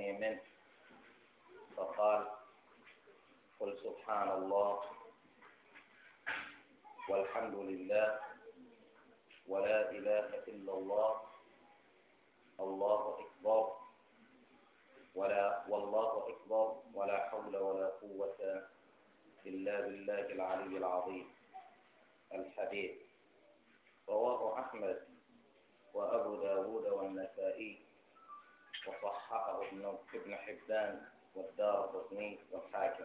يعرفني منه فقال قل سبحان الله والحمد لله ولا إله إلا الله الله أكبر ولا والله أكبر ولا حول ولا قوة إلا بالله العلي العظيم الحديث رواه أحمد وأبو داود والنسائي وصححه ابن ابن حبان والدار قطني والحاكم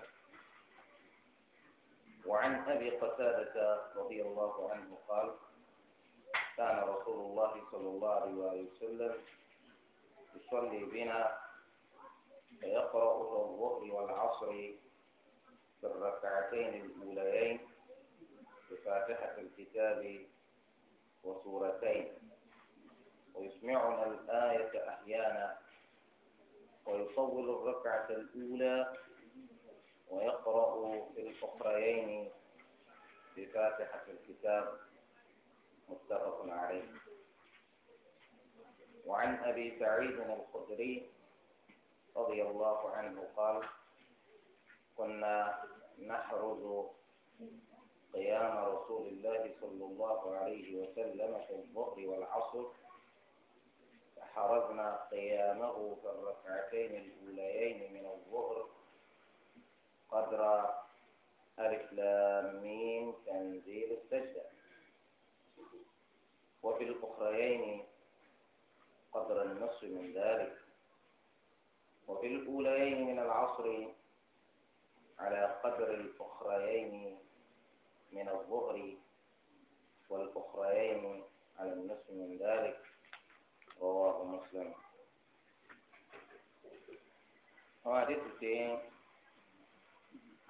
وعن أبي قتادة رضي الله عنه قال كان رسول الله صلى الله عليه وسلم يصلي بنا فيقرأ الظهر والعصر في الركعتين الأوليين بفاتحة الكتاب وسورتين ويسمعنا الآية أحيانا ويصور الركعة الأولى ويقرأ في الأخريين بفاتحة الكتاب متفق عليه وعن أبي سعيد الخدري رضي الله عنه قال كنا نحرز قيام رسول الله صلى الله عليه وسلم في الظهر والعصر حرزنا قيامه في الركعتين الأوليين من الظهر قدر ألف لامين تنزيل السجدة وفي الأخريين قدر النصف من ذلك وفي الأوليين من العصر على قدر الأخريين من الظهر والأخريين على النصف من ذلك رواه مسلم àwọn àdéhùn ṣe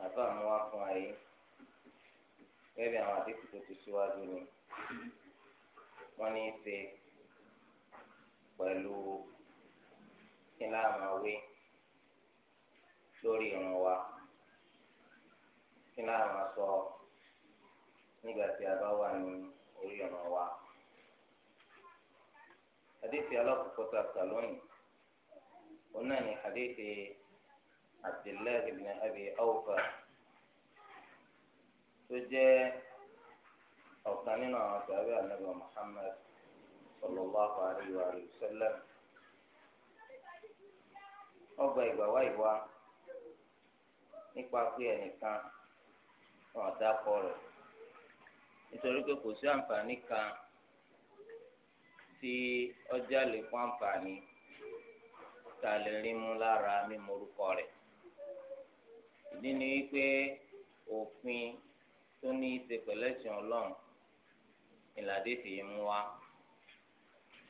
àbá àwọn afọ ayé bẹ́ẹ̀ àwọn àdéhùn tó ti síwájú ni wọ́n ní í ṣe pẹ̀lú kílá àmàwé lórí wa حديث على قصة سالوين قلنا حديث عبد الله بن أبي أوفى تجاه ọ̀kan nínú àwọn sàbẹ̀ ànábì Muhammad sallallahu alayhi wa sallam ọgbà ìgbàwá ìwá nípa pé ẹnìkan wọn dákọ rẹ̀ nítorí pé kò sí àǹfààní kan tí ọjà lè kó àǹfààní ta lè rí mú lára mímú orúkọ rẹ̀ ìdí ni wípé òfin tó ní í ṣe pẹ̀lẹ́sìn ọlọ́run ìlàdé fi mú wa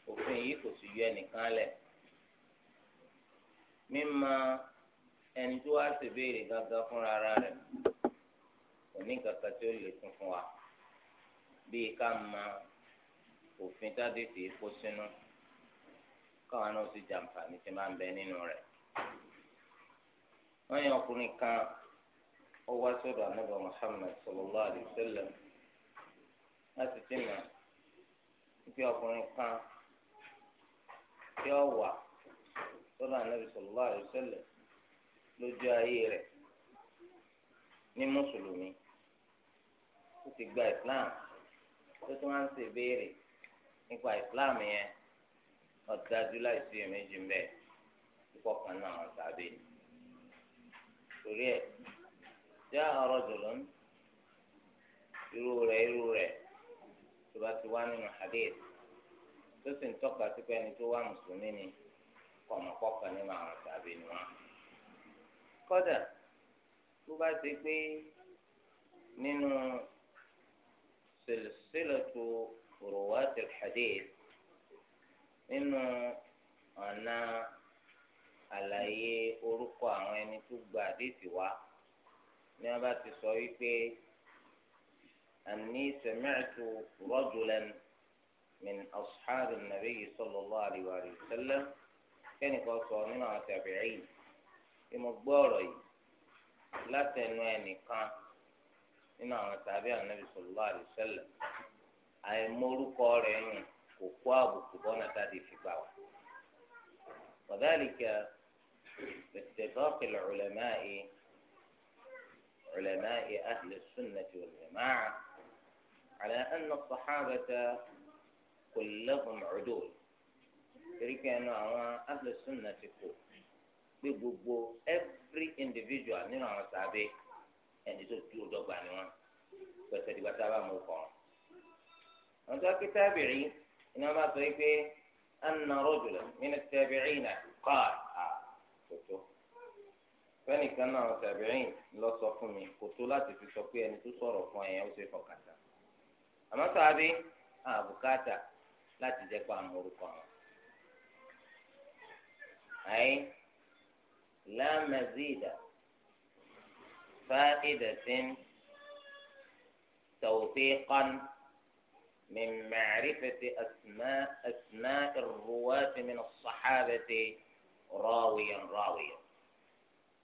òfin yìí kò sì yọ ẹnìkan lẹ̀ mímọ ẹni tó wá ṣèbéèrè gángan fúnra rẹ̀ kò ní kankan tí ó lè tún fún wa bíi ká máa òfin táde fi kó sínú káwọn náà sì jàǹfààní tí máa ń bẹ nínú rẹ̀ wọ́n yàn ọkùnrin kan ó wá sọ́dọ̀ anábà Muhammad sallallahu alayhi wa sallam láti ti mọ̀ bí ọkùnrin kan tí ó wà sọ́dọ̀ anábì sallallahu alayhi lójú ayé rẹ̀ ní mùsùlùmí ó ti gba Islam tó tún wá ń ṣe béèrè nípa ìsìláàmù yẹn ọ̀dájú láìsí èméjì mbẹ́ púpọ̀ kan náà wọn sàbẹ̀ torí ẹ̀ jẹ́ ọ̀rọ̀ jùlọ irú rẹ̀ irú rẹ̀ tó bá ti wá nínú hadith tó sì ń tọ́ka sí pé ẹni tó wá mùsùlùmí ni kọ̀mọ̀kọ́ kan nínú àwọn sàbẹ̀ ni wọn. kódà tó bá ti pé nínú sèlèsèlè tó. ورواة الحديث nínú أنا على orúkọ àwọn ẹni tó gba àdéhìí wá أني سمعت رجلا من أصحاب النبي صلى الله عليه وسلم كان يقول من التابعين إما بوري لا تنوى كان من تابع النبي صلى الله عليه وسلم àìmọ̀rúkọ rẹ̀ yàn kò kó àbùkù bọ́nà tàbí fìgbà wà. وذلك باتفاق العلماء علماء أهل السنة والجماعة على أن الصحابة كلهم عدول torípé ẹnu àwọn ahlùsùnà ti kù pé gbogbo every individual nínú àwọn sábẹ ẹni tó dúró dọ́gba ni wọn pẹsẹ ìdìgbà tá a bá mú kọ wọn. وانتوا تابعي انما طيب ان رجلا من التابعين قال آه، قلت فاني كان تابعين لو صفوني قلت لا تفي ان تصوروا فاني او سيفو كاتا اما صاحبي اه بكاتا لا تجيكوا امورك اي لا مزيد فائده توثيقا من معرفة أسماء أسماء الرواة من الصحابة راويا راويا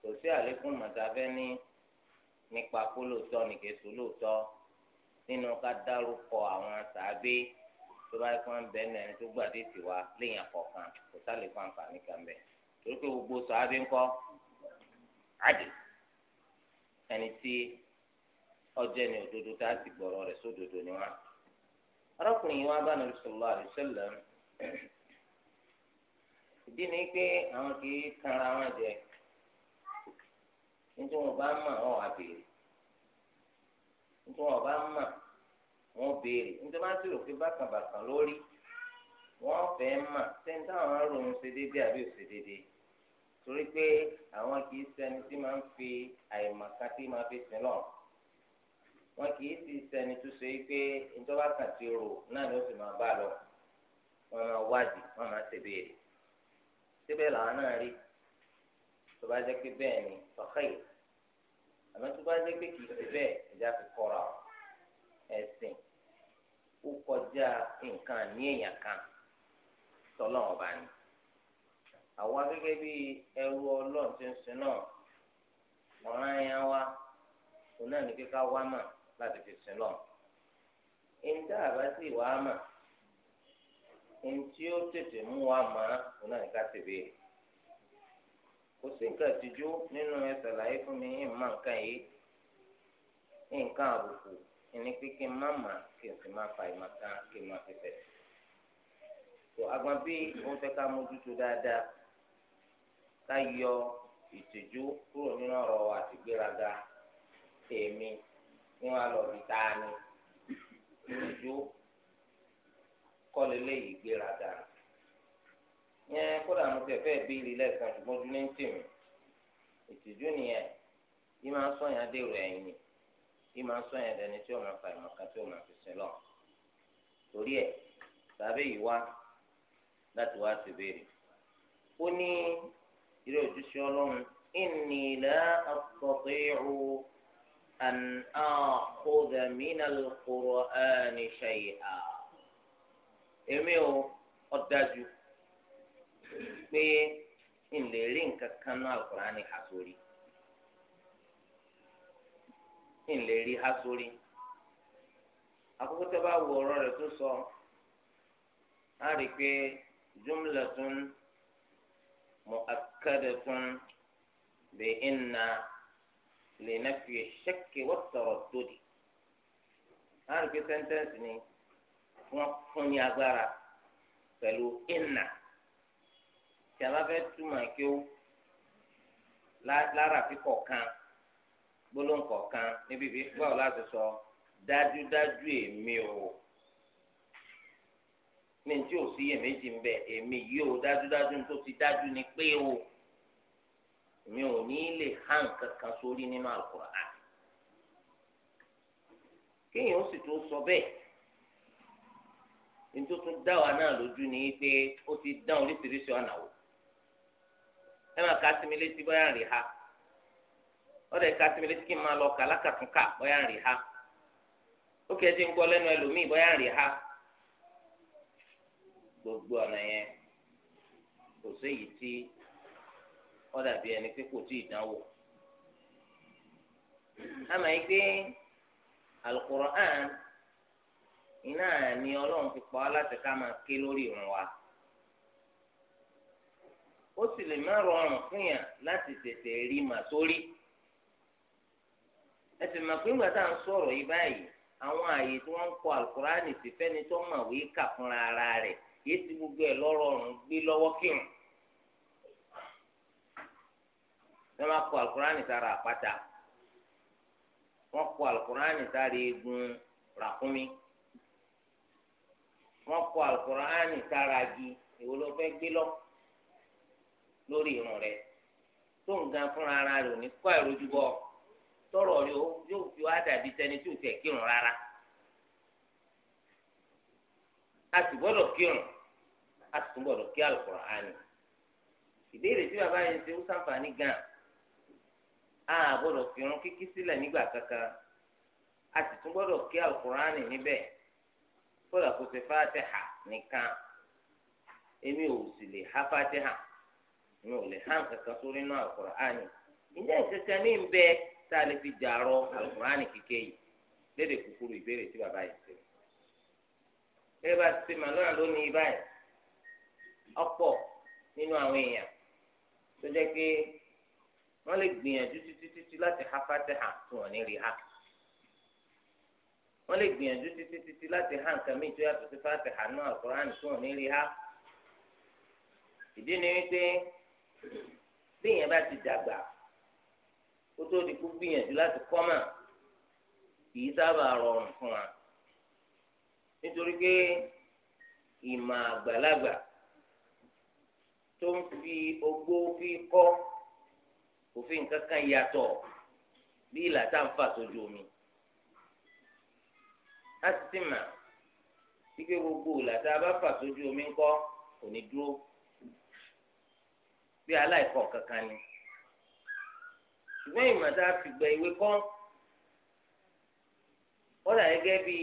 tòsí àlékún màtàfẹ́ ní nípa kó lóòótọ́ ní kéésù lóòótọ́ nínú ká dárúkọ àwọn sàábé tó bá kọ́ ń bẹ́ẹ̀ náà tó gbàdé tiwa léèyàn kọ̀ọ̀kan kò sálẹ̀kọ́ àǹfààní kan bẹ́ẹ̀ torí pé gbogbo sàábé ńkọ́ àdè ẹni tí ọjọ́ ni òdodo tá a ti gbọ́rọ̀ rẹ̀ sódodo ni wọ́n á arákùnrin yìí wá bá nàbí sọlọ àdìsẹlẹ ìdí ni pé àwọn kì í kanra wọn jẹ nítorí wọn bá mọ àwọn àbèrè nítorí wọn bá mọ wọn béèrè nítorí wọn ti rò pé bákan bàkan lórí wọn fẹ́ mọ̀ sẹni táwọn aròyìn ṣe déédéé àbí òṣè déédéé torí pé àwọn kì í ṣẹni tí máa ń fi àìmọ̀ká tí máa fi sin lọ́rùn wọn kì í ti sẹni tó ṣe pé ìjọba kan ti rò náà ló sì máa bá lọ wọn máa wádìí wọn máa ṣe béèrè síbẹ̀ làwọn náà rí tó bá jẹ́ pé bẹ́ẹ̀ ni ọ̀kẹ́ yìí àmọ́ tó bá jẹ́ pé kì í ṣe bẹ́ẹ̀ ẹ̀já fi kọ́ra ẹ̀sìn ó kọjá nǹkan ní èèyàn kan tọ́lọ́ ọba ni àwa gẹ́gẹ́ bí ẹrú ọlọ́run ti ń sin náà ọ̀ràn ẹ̀yàn wa òun náà ní kíká wá mà láti fi sin lọ. Ìǹtẹ́ àbátì wà á mà. Ìǹtí ó tètè mú wa mà á kò náà ká tèbè. Kò sí nǹkan ìtìjú nínú ẹsẹ̀ láyé fún mi yín má nǹkan yìí. Nǹkan àbùkù ìní pínpín má mà kí n sì má fa ìmọ̀ta kí n má fi bẹ̀. bí wọ́n fẹ́ ní wọn lọ bí tá a ní ìdíjú kọ́lé léyìí gbéra dànù yẹn kódà mo tẹ fẹ́ bí ilé lẹ́sàn ṣùgbọ́n ojú ní ń tì mí ìtìjú nìyẹn yìí máa ń sọyàn dèrò ẹ̀yìn yìí máa ń sọyàn dẹni tí ó máa fa tí ó máa sin lọ torí ẹ̀ tàbí yìí wá láti wá sí béèrè ó ní ilé ojúṣe ọlọ́run ìnìlá àtọ̀tẹ̀ ìrù. أن آخذ من القرآن شيئا èmi ò ọ̀dájú pé n lè rí nǹkan kan náà alukurani ha sórí n lè rí ha sórí àkókò tó bá wo ọ̀rọ̀ rẹ̀ tó sọ á rí i pé jumlatun mu'akkadatun bi inna. لنفي الشك والتردد láti fi sẹ́ńtẹ́ǹsì ni wọ́n fún ní agbára pẹ̀lú ìnà tí a bá fẹ́ túmọ̀ kí ó lára fi kọ̀ọ̀kan gbólóhùn kọ̀ọ̀kan níbi ìfi báwo láti sọ dájúdájú èmi o ní tí ò sí iyèméjì ń bẹ èmi yìí o dájúdájú tó ti dájú ni pé o. mi ò ní lè hàn kankan sórí nínú Al-Qur'an kéèyàn ó sì tó sọ bẹ́ẹ̀ nítorí dá wa náà lójú ni pé ó ti dán oríṣiríṣi ọ̀nà wò ẹ ka sí mi létí bóyá ha ọ̀dọ̀ ẹ̀ka sí mi létí kí n máa lọ kà lákàtúnkà bóyá ha ó kẹ́ ẹ ti ń gbọ́ lẹ́nu ẹlòmíì bóyá ha gbogbo ọ̀nà yẹn kò tí ó dàbí ẹni pé kò tí ì dánwò àmọ́ yìí pé alukur'an iná ni ọlọ́run ti pa láti ká máa ké lórí ìrun wa ó sì lè má rọrùn fún yàn láti tètè rí mà sórí ẹ sì mọ̀ pé ńgbà tá à ń sọ̀rọ̀ yìí báyìí àwọn àyè tí wọ́n ń kọ alukur'an sì fẹ́ni tó mọ̀ wí kà fúnra ara rẹ̀ yéé ti gbogbo ẹ̀ lọ́rọ̀ọ̀rùn gbé lọ́wọ́ kírun wọ́n máa kọ alukurani sára àpáta wọ́n kọ alukurani sára eegun ràkúnmí wọ́n kọ alukurani sára agi èwo ló fẹ́ gbé lọ lórí irun rẹ̀ tó ń gan fúnra ara rẹ̀ ò ní kọ́ ẹ̀rọ jù bọ́ tọrọ yóò fi wá dàbí tẹni tí ò fẹ́ kírun rárá a sì gbọ́dọ̀ kírun a sì tún gbọ́dọ̀ kí alukurani ìbéèrè tí bàbá yẹn ṣe ó ṣàǹfààní gan-an. a gbọ́dọ̀ fi irun kíkí sílẹ̀ nígbà kankan a sì tún gbọ́dọ̀ kí alukurani níbẹ̀ kódà kó ṣe fatiha nìkan èmi ò sì lè ha fatiha mi ò lè ha kankan sórí inú alukurani ìjẹ́ kankan ní bẹ tá a lè fi jàrọ alukurani kíkẹ́ yìí léde kúkúrú ìbéèrè tí bàbá yìí bá ti lónìí báyìí ọ̀pọ̀ nínú àwọn èèyàn wọ́n lè gbìyànjú títí títí láti ha fatiha tí wọ́n ní rí ha wọ́n lè gbìyànjú títí títí láti ha nǹkan mi tó yàtọ̀ sí fatiha náà alukur'an tí wọ́n ní rí ha ìdí ni wípé bí èèyàn bá ti dàgbà kó tó di kó gbìyànjú láti kọ́mà kì í sábà rọrùn fún wa nítorí pé ìmọ̀ àgbàlagbà tó ń fi ogbó fi kọ́ òfin kankan yàtọ̀ bí ìlà tá à ń fà sójú omi a sì ti mà wípé gbogbo ìlà tá a bá fà sójú omi ńkọ́ kò ní dúró bí aláìkọ́ kankan ni ṣùgbọ́n ìmọ̀ tá a fi gbẹ ìwé kọ́ wọ́n dà gẹ́gẹ́ bí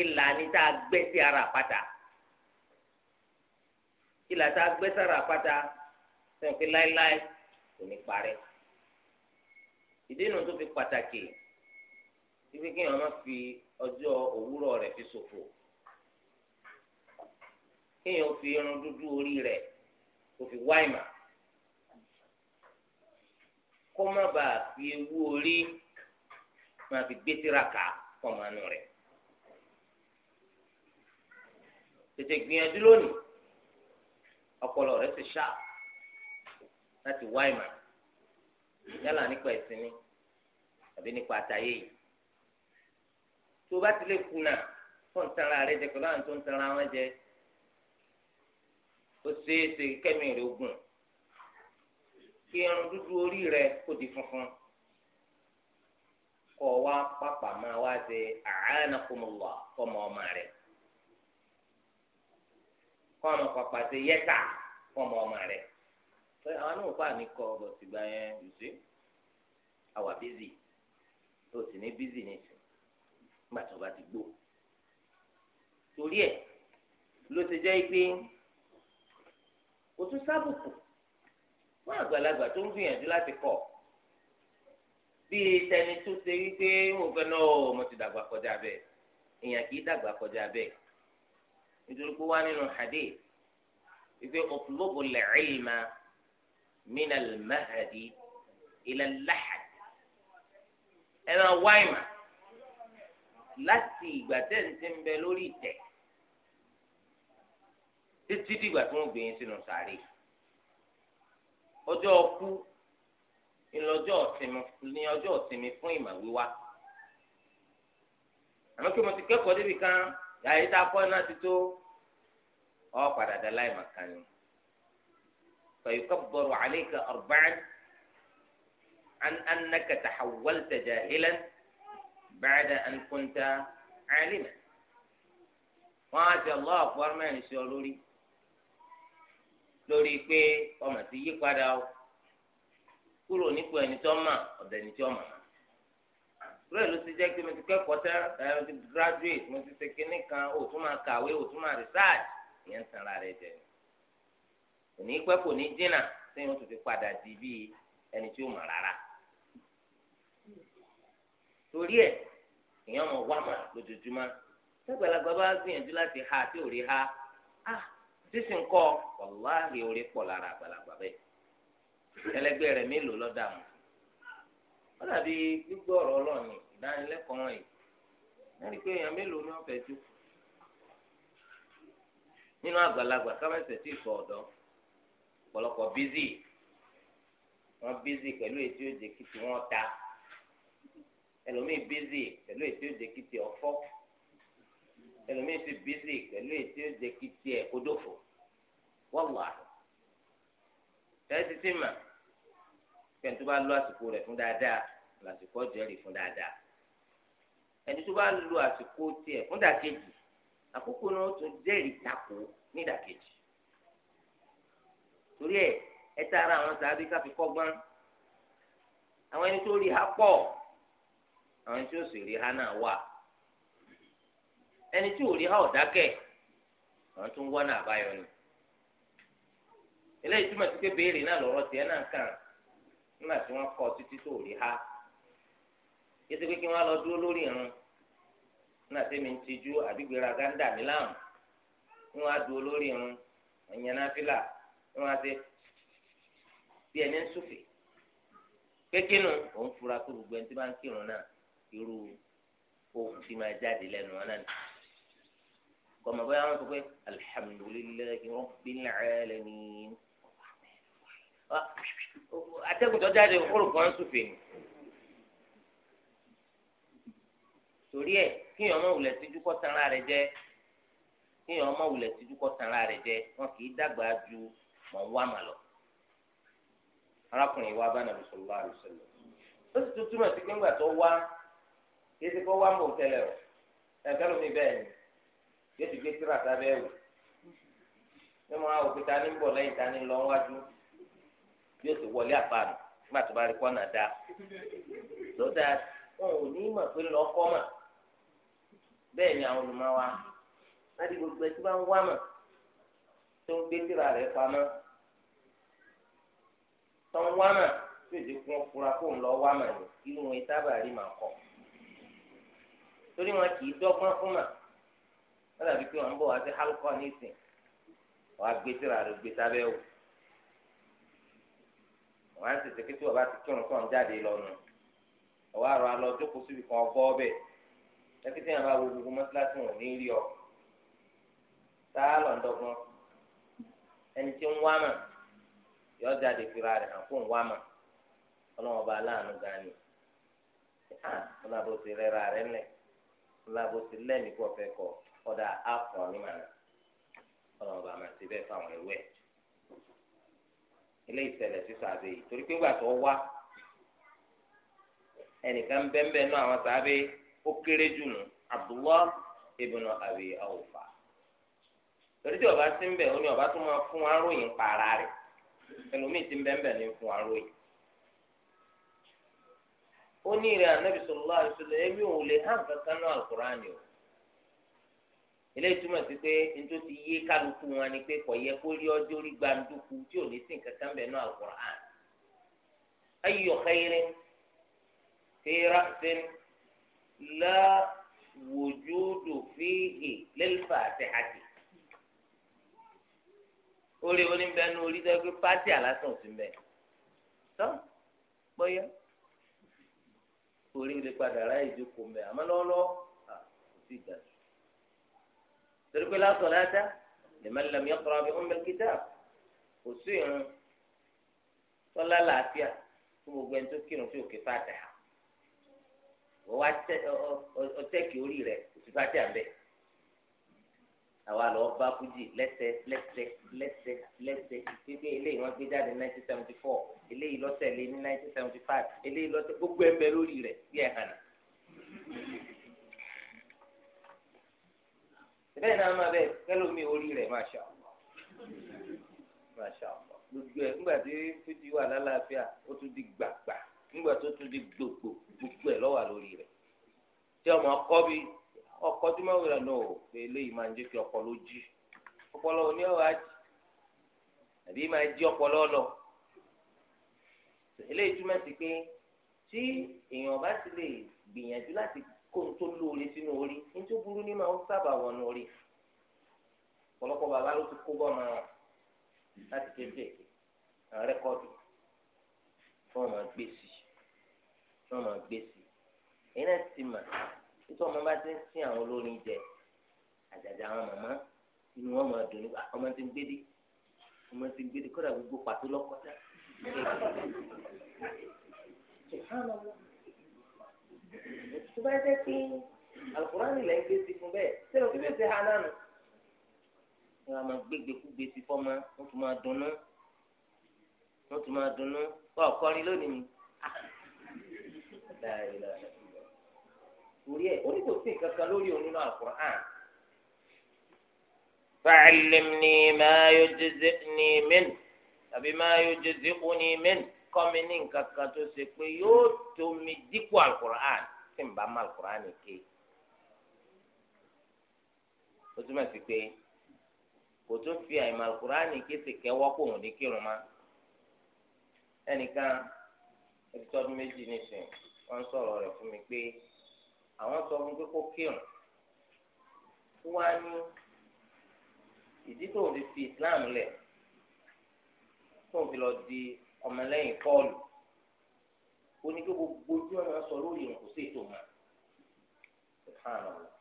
ìlà ni tá a gbẹ́ sí ara àpáta ìlà tá a gbẹ́ sára àpáta sẹ́yìn pé láéláé kò ní parẹ́ ìdínà tó fi pàtàkì ibi kí èèyàn má fi ọjọ́ òwúrọ̀ rẹ̀ fi ṣòfò kí èèyàn fi irun dúdú orí rẹ̀ kò fi wá ìmà kó má bàa fi ewu orí máa fi gbé tiraka kọ́mánú rẹ̀ tètè gbìyànjú lónìí ọpọlọ rẹ̀ ti ṣáà. láti wá ìmọ̀ yálà nípa ẹ̀sìn ni àbí nípa àtàyè yìí o bá ti lè kùnà tó ń rẹ jẹ pẹ̀lú àwọn tó ń tanra wọn jẹ o ṣeé ṣe rẹ ogun kí irun dúdú orí rẹ kó di funfun kọ́ wa pápá máa wá ṣe àánákùnmùlá fọmọ ọmọ rẹ kọ́ ọmọ pàpà ṣe yẹta ọmọ rẹ. pé àwọn náà pa ní kọ ọ̀rọ̀ tìgbà yẹn ṣe àwà bízì tó sì ní bízì ní sùn nígbà tó bá ti gbó torí ẹ̀ ló ti jẹ́ pé kò tún sábùkù fún àgbàlagbà tó ń gbìyànjú láti kọ̀ bíi tẹni tó ṣe wípé mo fẹ́ náà mo ti dàgbà kọjá bẹ́ẹ̀ èèyàn kì í dàgbà kọjá bẹ́ẹ̀ nítorí pé wá nínú hadith wípé ọ̀pọ̀lọpọ̀ lẹ́ẹ̀ẹ́lì máa. من المهد إلى اللحد أنا وايمة láti ìgbà tẹ́ ń ti ń bẹ lórí ìtẹ̀ títí dìgbà tí wọ́n gbé yín sínú sàárè ọjọ́ ọkú ní ọjọ́ ọ̀sìnmi fún ìmọ̀ àmọ́ kí mo ti kẹ́kọ̀ọ́ débi kan yàrá yìí tá a kọ́ náà ti tó ọ́ padà dá láì màkàn ni. فيكبر عليك أربعا عن أنك تحولت جاهلا بعد أن كنت عالما ما شاء الله أكبر ما نسيه لوري lórí pé ọmọ ti yí padà o kúrò nípò ẹni tó mà ọ̀dọ̀ ẹni tó mà kúrò ló ti jẹ́ pé mo ti kẹ́kọ̀ọ́ tẹ́ mo ti graduate mo ti ṣe kinní kan o tún máa kàwé o tún máa research ìyẹn ń tanra rẹ jẹ ni. kò ní pẹ́ kò ní dínà sẹ́yìn tó ti padà di bíi ẹni tí ó mọ̀ rárá torí ẹ̀ èèyàn mọ̀ wá mà lójoojúmọ́ ha tí ò ha ah sísì ń orí pọ̀ lára àgbàlagbà bẹ́ẹ̀ ẹlẹgbẹ́ rẹ̀ mélòó lọ́dà mọ́ ó dàbí gbígbọ́ ọ̀rọ̀ ọlọ́ọ̀ni ìdánilẹ́kọ̀ọ́ wọn yìí i pé èèyàn mélòó ni wọ́n fẹ́ jókòó nínú àgbàlagbà kámẹ́sẹ̀ tí ì sọ ọ̀dọ́ ọ̀pọ̀lọpọ̀ bízì wọ́n bízì pẹ̀lú ètí òjèkìtì wọ́n ta ẹlòmíì bízì pẹ̀lú ètí òjèkìtì ọ̀fọ́ ẹlòmíì sì bízì pẹ̀lú ètí òjèkìtì ẹ̀kọ́dọ̀fọ̀ wọ́wọ́ àrùn tẹ́sí sí mà pẹ̀lú tó bá lo àsìkò rẹ̀ fún dáadáa lásìkò ọ̀jẹ̀rì fún dáadáa ẹni tó bá lo àsìkò tiẹ̀ fún dàkejì àkókò náà tún jẹ́rìí takò ní dàkejì torí ẹ ẹ tara àwọn sàbí káfí kọ́gbọ́n àwọn ẹni tó rí ha pọ̀ àwọn ẹni tó sì rí ha náà wà ẹni tí ò rí ha ò àwọn tó ń wọ́n náà àbáyọ ni eléyìí túmọ̀ sí pé béèrè náà lọ́rọ̀ tiẹ̀ náà kàn nígbà tí wọ́n kọ́ títí tó ha yíṣẹ́ pé kí wọ́n lọ dúró lórí irun nígbà tí mi ń tijú ẹ máa ṣe bí ẹni ń súfè pé kínú òun fura pé gbogbo ẹni tí bá ń kírun náà irú ohun tí máa jáde lẹ́nu wọn náà kọmọ bóyá wọn sọ pé alihamudulilayi rabbil alamin atẹ́gùn tó jáde olùkọ́ ń súfè ni torí ẹ kínyìn ọmọ wulẹ̀ síjú kọ́ tanra rẹ jẹ kínyìn ọmọ wulẹ̀ síjú kọ́ tanra rẹ jẹ wọn kì í dàgbà ju mọ̀ wá ma lọ. arákùnrin wa bá nàbì sọ̀rọ̀ láàrin ó sì tún túmọ̀ pé ńgbà tó wá yé ti kọ́ wá mọ̀ tẹ́lẹ̀ o ẹ̀fẹ́ lómi bẹ́ẹ̀ ni yé ti gbé tíra sábẹ́ wò mo á òkúta ní bọ̀ lẹ́yìn ní lọ wájú yóò ti wọlé àpá nígbà tó bá rí kọ́nà dá so that wọn ò ní mọ̀ pé lọ́kọ́ mà bẹ́ẹ̀ ni àwọn olùmọ̀ wa láti tó ń gbé tíra rẹ̀ pamọ́ tó ń wámà tó ìdí kún fura kó ń lọ wámà ní irú wọn sábà rí màá kọ torí wọn kì í dọ́gbọ́n fún mà wọn dàbí pé wọn ń bọ̀ wá sí hálùkọ́ nísìn wọn á gbé tíra rẹ̀ gbé sábẹ́ tètè ti kírun jáde àrò alọ jókòó síbi kan bá wo gbogbo ẹni tí ń wá mà yọ jáde fira rẹ̀ hàn fún wá mà ọlọ́wọ́n bá aláàánú gan ni ah, ọlọ́wọ́n bó ti rẹ́ra rẹ̀ lẹ̀ ọlọ́wọ́n bó ti lẹ́mìí kó fẹ́ kọ ọ̀dà àfọ̀ nímàlà ọlọ́wọ́n bá máa ti bẹ́ẹ̀ fáwọn ẹ̀wẹ́ ilé ìṣẹ̀lẹ̀ sísọ àbẹ̀ yìí torí pé ìgbà tó wá ẹnìkan bẹ́ẹ̀ bẹ́ẹ̀ náà àwọn sábẹ́ ó kéré jù nù Abdullah ibn Abi Awfa. torí tí ọba ti ń bẹ̀ ó ní ọba tó máa fún aróyìn para ara elu ẹlòmíì ti ń bẹ́ ń bẹ̀ ní fún aróyìn. ó ní ìrẹ̀ ànábì sallallahu alaihi wasallam ẹbí òun lè hàn kankan náà àlùkùránì o. ilé ìtumọ̀ sí pé ti yé kálukú wọn ni pé kò yẹ kó rí ọjọ́ rí gbàǹdùkú tí ò ní sìn kankan bẹ̀ náà àlùkùránì. orí oníbẹ̀nu orí tó gbé pátì àlásàn òsì mbẹ tó gbọ́yọ́ orí lè padà ráyè jókòó mbẹ àmọ́ lọ́wọ́lọ́wọ́ à kò sí ìgbà tó torí pé lásán láta lèmi lèmi ọkọ̀ àbí ọmọ kìtà kò sí irun tọ́lá làáfíà fún gbogbo ẹni tó kírun tí òkè fàtà wọ́n wá ọtẹ́kì orí rẹ̀ òsì fàtà bẹ́ẹ̀ àwa lọ bá fújì lẹ́sẹ̀ lẹ́sẹ̀ lẹ́sẹ̀ lẹ́sẹ̀ gbígbé eléyìí wọ́n gbé jáde ní nineteen seventy four eléyìí lọ́sẹ̀ lé ní nineteen seventy five eléyìí lọ́sẹ̀ gbogbo ẹ̀ ń bẹ lórí rẹ̀ bí ẹ̀ hàn. bẹ́ẹ̀ náà máa bẹ́ẹ̀ kẹ́lómi orí rẹ̀ máa ṣà ọ́ máa ṣà ọ́ gbogbo ẹ̀ nígbà tí fújì wà lálàáfíà ó tún di gbàgbà nígbà tó tún di gbogbo gbogbo ẹ̀ lọ́wọ́ lórí rẹ̀ tí ọmọ kọ́ bíi ọkọ tí máa wúlò náà ò pé eléyìí máa ń jẹ́ kí ọpọlọ jí ọpọlọ òní ọ̀rọ̀ ajì àbí máa jí ọpọlọ lọ eléyìí túmọ̀ sí pé tí èèyàn bá ti lè gbìyànjú láti kó n tó lóore sínú orí ní tó burú ní máa ń sábà wọnú orí ọ̀pọ̀lọpọ̀ bàbá ló ti kó bọ́ọ̀mù ara láti kéde àwọn rẹ́kọ̀dù fún ọmọ gbèsè fún ọmọ gbèsè ẹ̀yin náà ti mà nítorí ọmọ bá ti ń sin àwọn olórin jẹ àjàjà àwọn màmá inú wọn máa dùn nípa ọmọ ti ń gbédè ọmọ ti ń gbédè kódà gbogbo pàtó lọ́kọ́tà tó bá jẹ́ pé alukurani lẹ́yìn gbé sí fún bẹ́ẹ̀ ṣé o kí bẹ́ẹ̀ ṣe ha nánu. wọ́n á máa gbégbé kú gbé sí fọ́mọ wọ́n tún máa dunnú wọ́n tún máa dunnú wọ́n kọrin lónìí torí ẹ̀ ó ní kò sí nǹkan kan lórí òun nínú Al-Qur'an. fa'allimni ma yujzi'ni min tàbí ma yujzi'uni min kọ́ mi ní nǹkan kan tó ṣe pé yóò tó mi dípò Al-Qur'an tí n bá má Al-Qur'an ké. ó túmọ̀ sí pé kò tó fi àìmọ̀ Al-Qur'an ké sì kẹ́wọ́ kó òun ní kírun má ẹnìkan ẹbí tọdún méjì nísìnyí wọn sọ̀rọ̀ rẹ̀ fún mi pé àwọn sọ fún pé kó kírun tó wá ní ìdí tó ń fi islam lẹ̀ tó ń fi lọ di ọmọlẹ́yìn pọ́ọ̀lù ó ní kí gbogbo ojú ọ̀nà sọ lórí òun kò sí ètò mọ́ subhanallah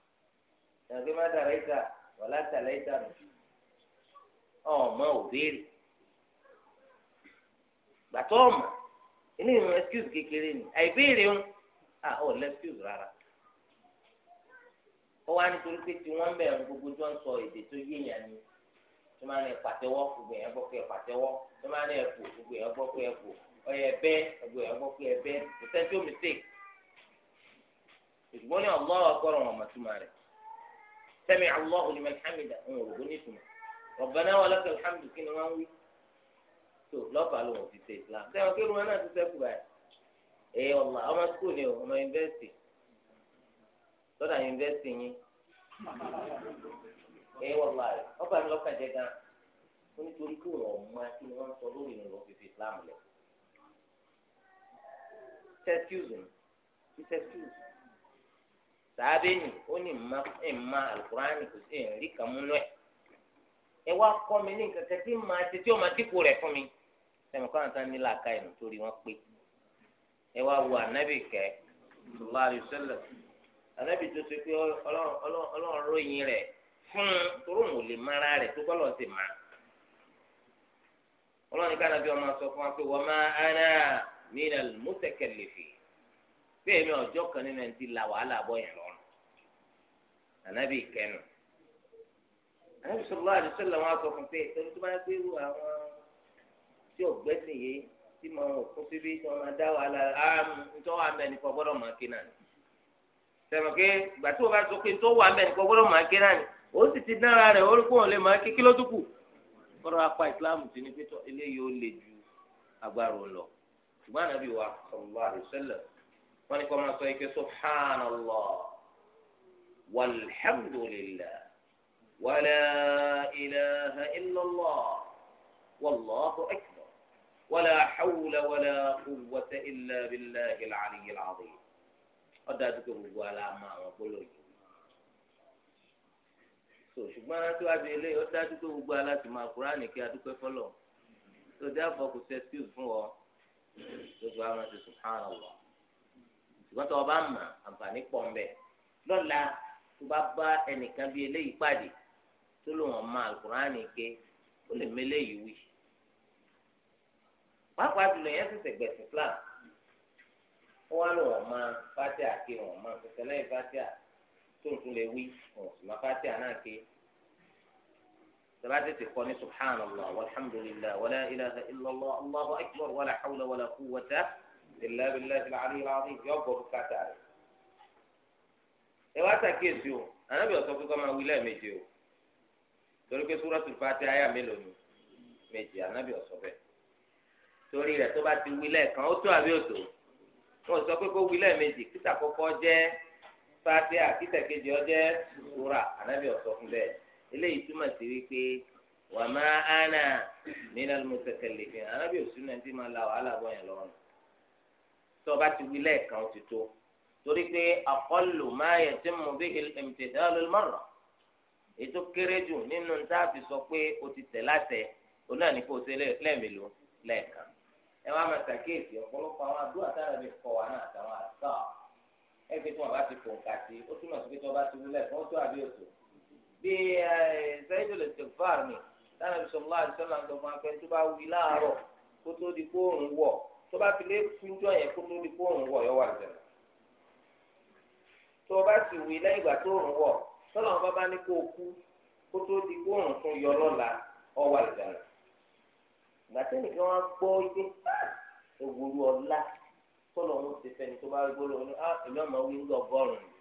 ìyàgbé má dàrá ìta wàlá tàlá ìta nù ọmọ òbéèrè gbàtọ́ ọmọ eléyìí ní excuse kékeré ni àìbéèrè ń à ọ excuse rárá ó wá nítorí pé tí wọ́n bẹ̀rù gbogbo tí wọ́n sọ èdè tó ni tó máa ní pàtẹ́wọ́ gbogbo yẹn gbọ́ pé pàtẹ́wọ́ tó máa ní ẹ̀fọ́ gbogbo yẹn gbọ́ pé ẹ̀fọ́ ọ̀yẹ̀ gbogbo yẹn gbọ́ pé ẹ̀bẹ́ ní ọgọ́rùn rẹ̀ lọ́dà yunifásitì yín ẹ wọ́n wá rẹ̀ ọba mi lọ́kàn jẹ́ gan ó nítorí pé wọ́n mú akí ni wọ́n ń sọ lórí ìrìn lọ fífi Islam lẹ̀ tẹ́tíùsì ní tẹ́tíùsì sàábẹ́yìn ó ní ìmọ̀ ìmọ̀ alukurani kò sí ìrìn kan múnú ẹ̀ ẹ wá kọ́ mi ní nǹkan kan tí màá ti tí ó máa dípò rẹ̀ fún mi sẹ́mi kọ́nà tán ní làákà ìnù torí wọ́n pé ẹ wá wo ànábì kẹ́ sallallahu alaihi wasallam anabi tó ṣe pé ọlọ́run ròyìn rẹ̀ fún torún ò lè mara rẹ̀ tó bọ́lọ̀ sì má ọlọ́run ní kánábí ọmọ sọ fún wa pé wọ́n máa ara mina mutakalifi bẹ́ẹ̀ mi ọjọ́ kan nínú ẹni tí la wàhálà bọ́ yẹn lọ́rùn anabi kẹnu anabi sọlá àdìsọlá wọn sọ fún pé ẹni tó bá gbé irú àwọn tí ọgbẹ́sìn yìí tí mo kún síbi tí wọ́n máa dá wàhálà ààrùn nítorí wàhálà ẹni kọ́ gbọ́dọ̀ máa kí náà sẹ́mi pé ìgbà tí o bá sọ pé tó wà mẹ́rin kọ́ gbọ́dọ̀ máa ké náà ni ó sì ti dára rẹ̀ ó rí kó lè máa ké kí ló dúkù kọ́dọ̀ apá ìsìláàmù ti ní pé tó eléyìí ó le ju agbára òun lọ ṣùgbọ́n ànábì wa sallallahu alaihi wọ́n ní kó máa sọ yìí pé subhanallah walhamdulillah wala ilaha illallah wallahu akbar wala hawla wala quwwata illa billahi al-aliyyil azim ọdájú pé gbogbo ara máa àwọn gbólóhùn yìí so ṣùgbọ́n aṣíwájú ilé ó dájú pé gbogbo ara ti máa kúránì kí adúpẹ́ fọlọ̀ tó dé àbọ̀ kò sí excuse fún ọ gbogbo ara ti subhanallah ṣùgbọ́n tó o bá mọ̀ àǹfààní pọ̀ ń bẹ̀ lọ́la tó bá bá ẹnìkan bíi eléyìí pàdé tó lò wọ́n máa kúránì ké ó lè mélé yìí wí pàápàá jùlọ yẹn ti sẹ̀gbẹ̀sì fúlàmù wọn wá lọ wọn máa fátíà ké wọn máa pèsè lẹ́yìn fátíà tó ń tún lè wí wọn sì máa fátíà náà ké sọlá tètè kọ ní subhanallah walhamdulillah wàlá ilaha illallah allahu akbar wàlá hawla wàlá quwwata illa billahi al-ali al-azim yọ bọ bùkátà rẹ. ẹ wá sàkíyèsí o ànábì ọ̀sọ́ pé kọ́ wí lẹ́ẹ̀mejì o torí pé súrọ́tù fàtíà àyà mélòó ni méjì ànábì ọ̀sọ́ bẹ́ẹ̀ torí rẹ̀ tó bá ti wí lẹ́ẹ̀kan ó tó àbí òtò wọn sọ pé kó wí lẹ́ẹ̀mejì kíta kọ́kọ́ jẹ́ fàtíà kíta kejì ọ jẹ́ sùúrà ànábì ọ̀sọ́ fún bẹ́ẹ̀ eléyìí túmọ̀ sí wípé wà má ánà nínú alùmọ̀tẹ̀kẹ̀lẹ̀ fi hàn ànábì òsùn náà ti máa la wàhálà bọ̀ yẹn lọ́rùn tó o bá ti wí lẹ́ẹ̀kan ó ti tó torí pé àkọlù máa yẹ tí mo bí ìmùtẹ̀dá lọ́rọ̀ ètò kéré jù nínú tá sọ pé o ti tẹ̀ láṣẹ o náà ní kó o ṣe lẹ́ẹ̀mélòó lẹ́ẹ̀kan ẹ wá máa ṣàkíyèsí ọ̀pọ̀lọpọ̀ àwọn àdúrà tára mi kọ̀ wá náà àtàwọn àṣà ẹ fi tí wọn bá ti fò ń kàtí ó túmọ̀ sí pé tí wọn bá ti wúlẹ̀ fún ọtún àbí òtò bí ṣẹ́yìn lè ṣe fáàrù mi táwọn ìṣòwò àdìsọ́nà ń dọ̀gbọ́n apẹ́ tó bá wí láàárọ̀ kó tó di kóòrùn wọ̀ tó bá fi lé kúnjọ́ yẹn kó tó di kóòrùn wọ̀ yọ wà jẹ̀rẹ̀ tó o bá sì wí lẹ́yìn ìgbà tó òrùn wọ̀ tọ́lọ̀ bá bá ní kó o kú kó tó di kóòrùn tún yọ lọ́la ọ wà jẹ̀rẹ̀ gbàtẹ́nì kan wá gbọ́ ibi ewúro ah, ọ̀la tọ́lọ̀ ń ṣe fẹ́ni tó bá rí gbólóhùn ní ah èmi ọmọ wí ń gbọ́ ọgọ́rùn-ún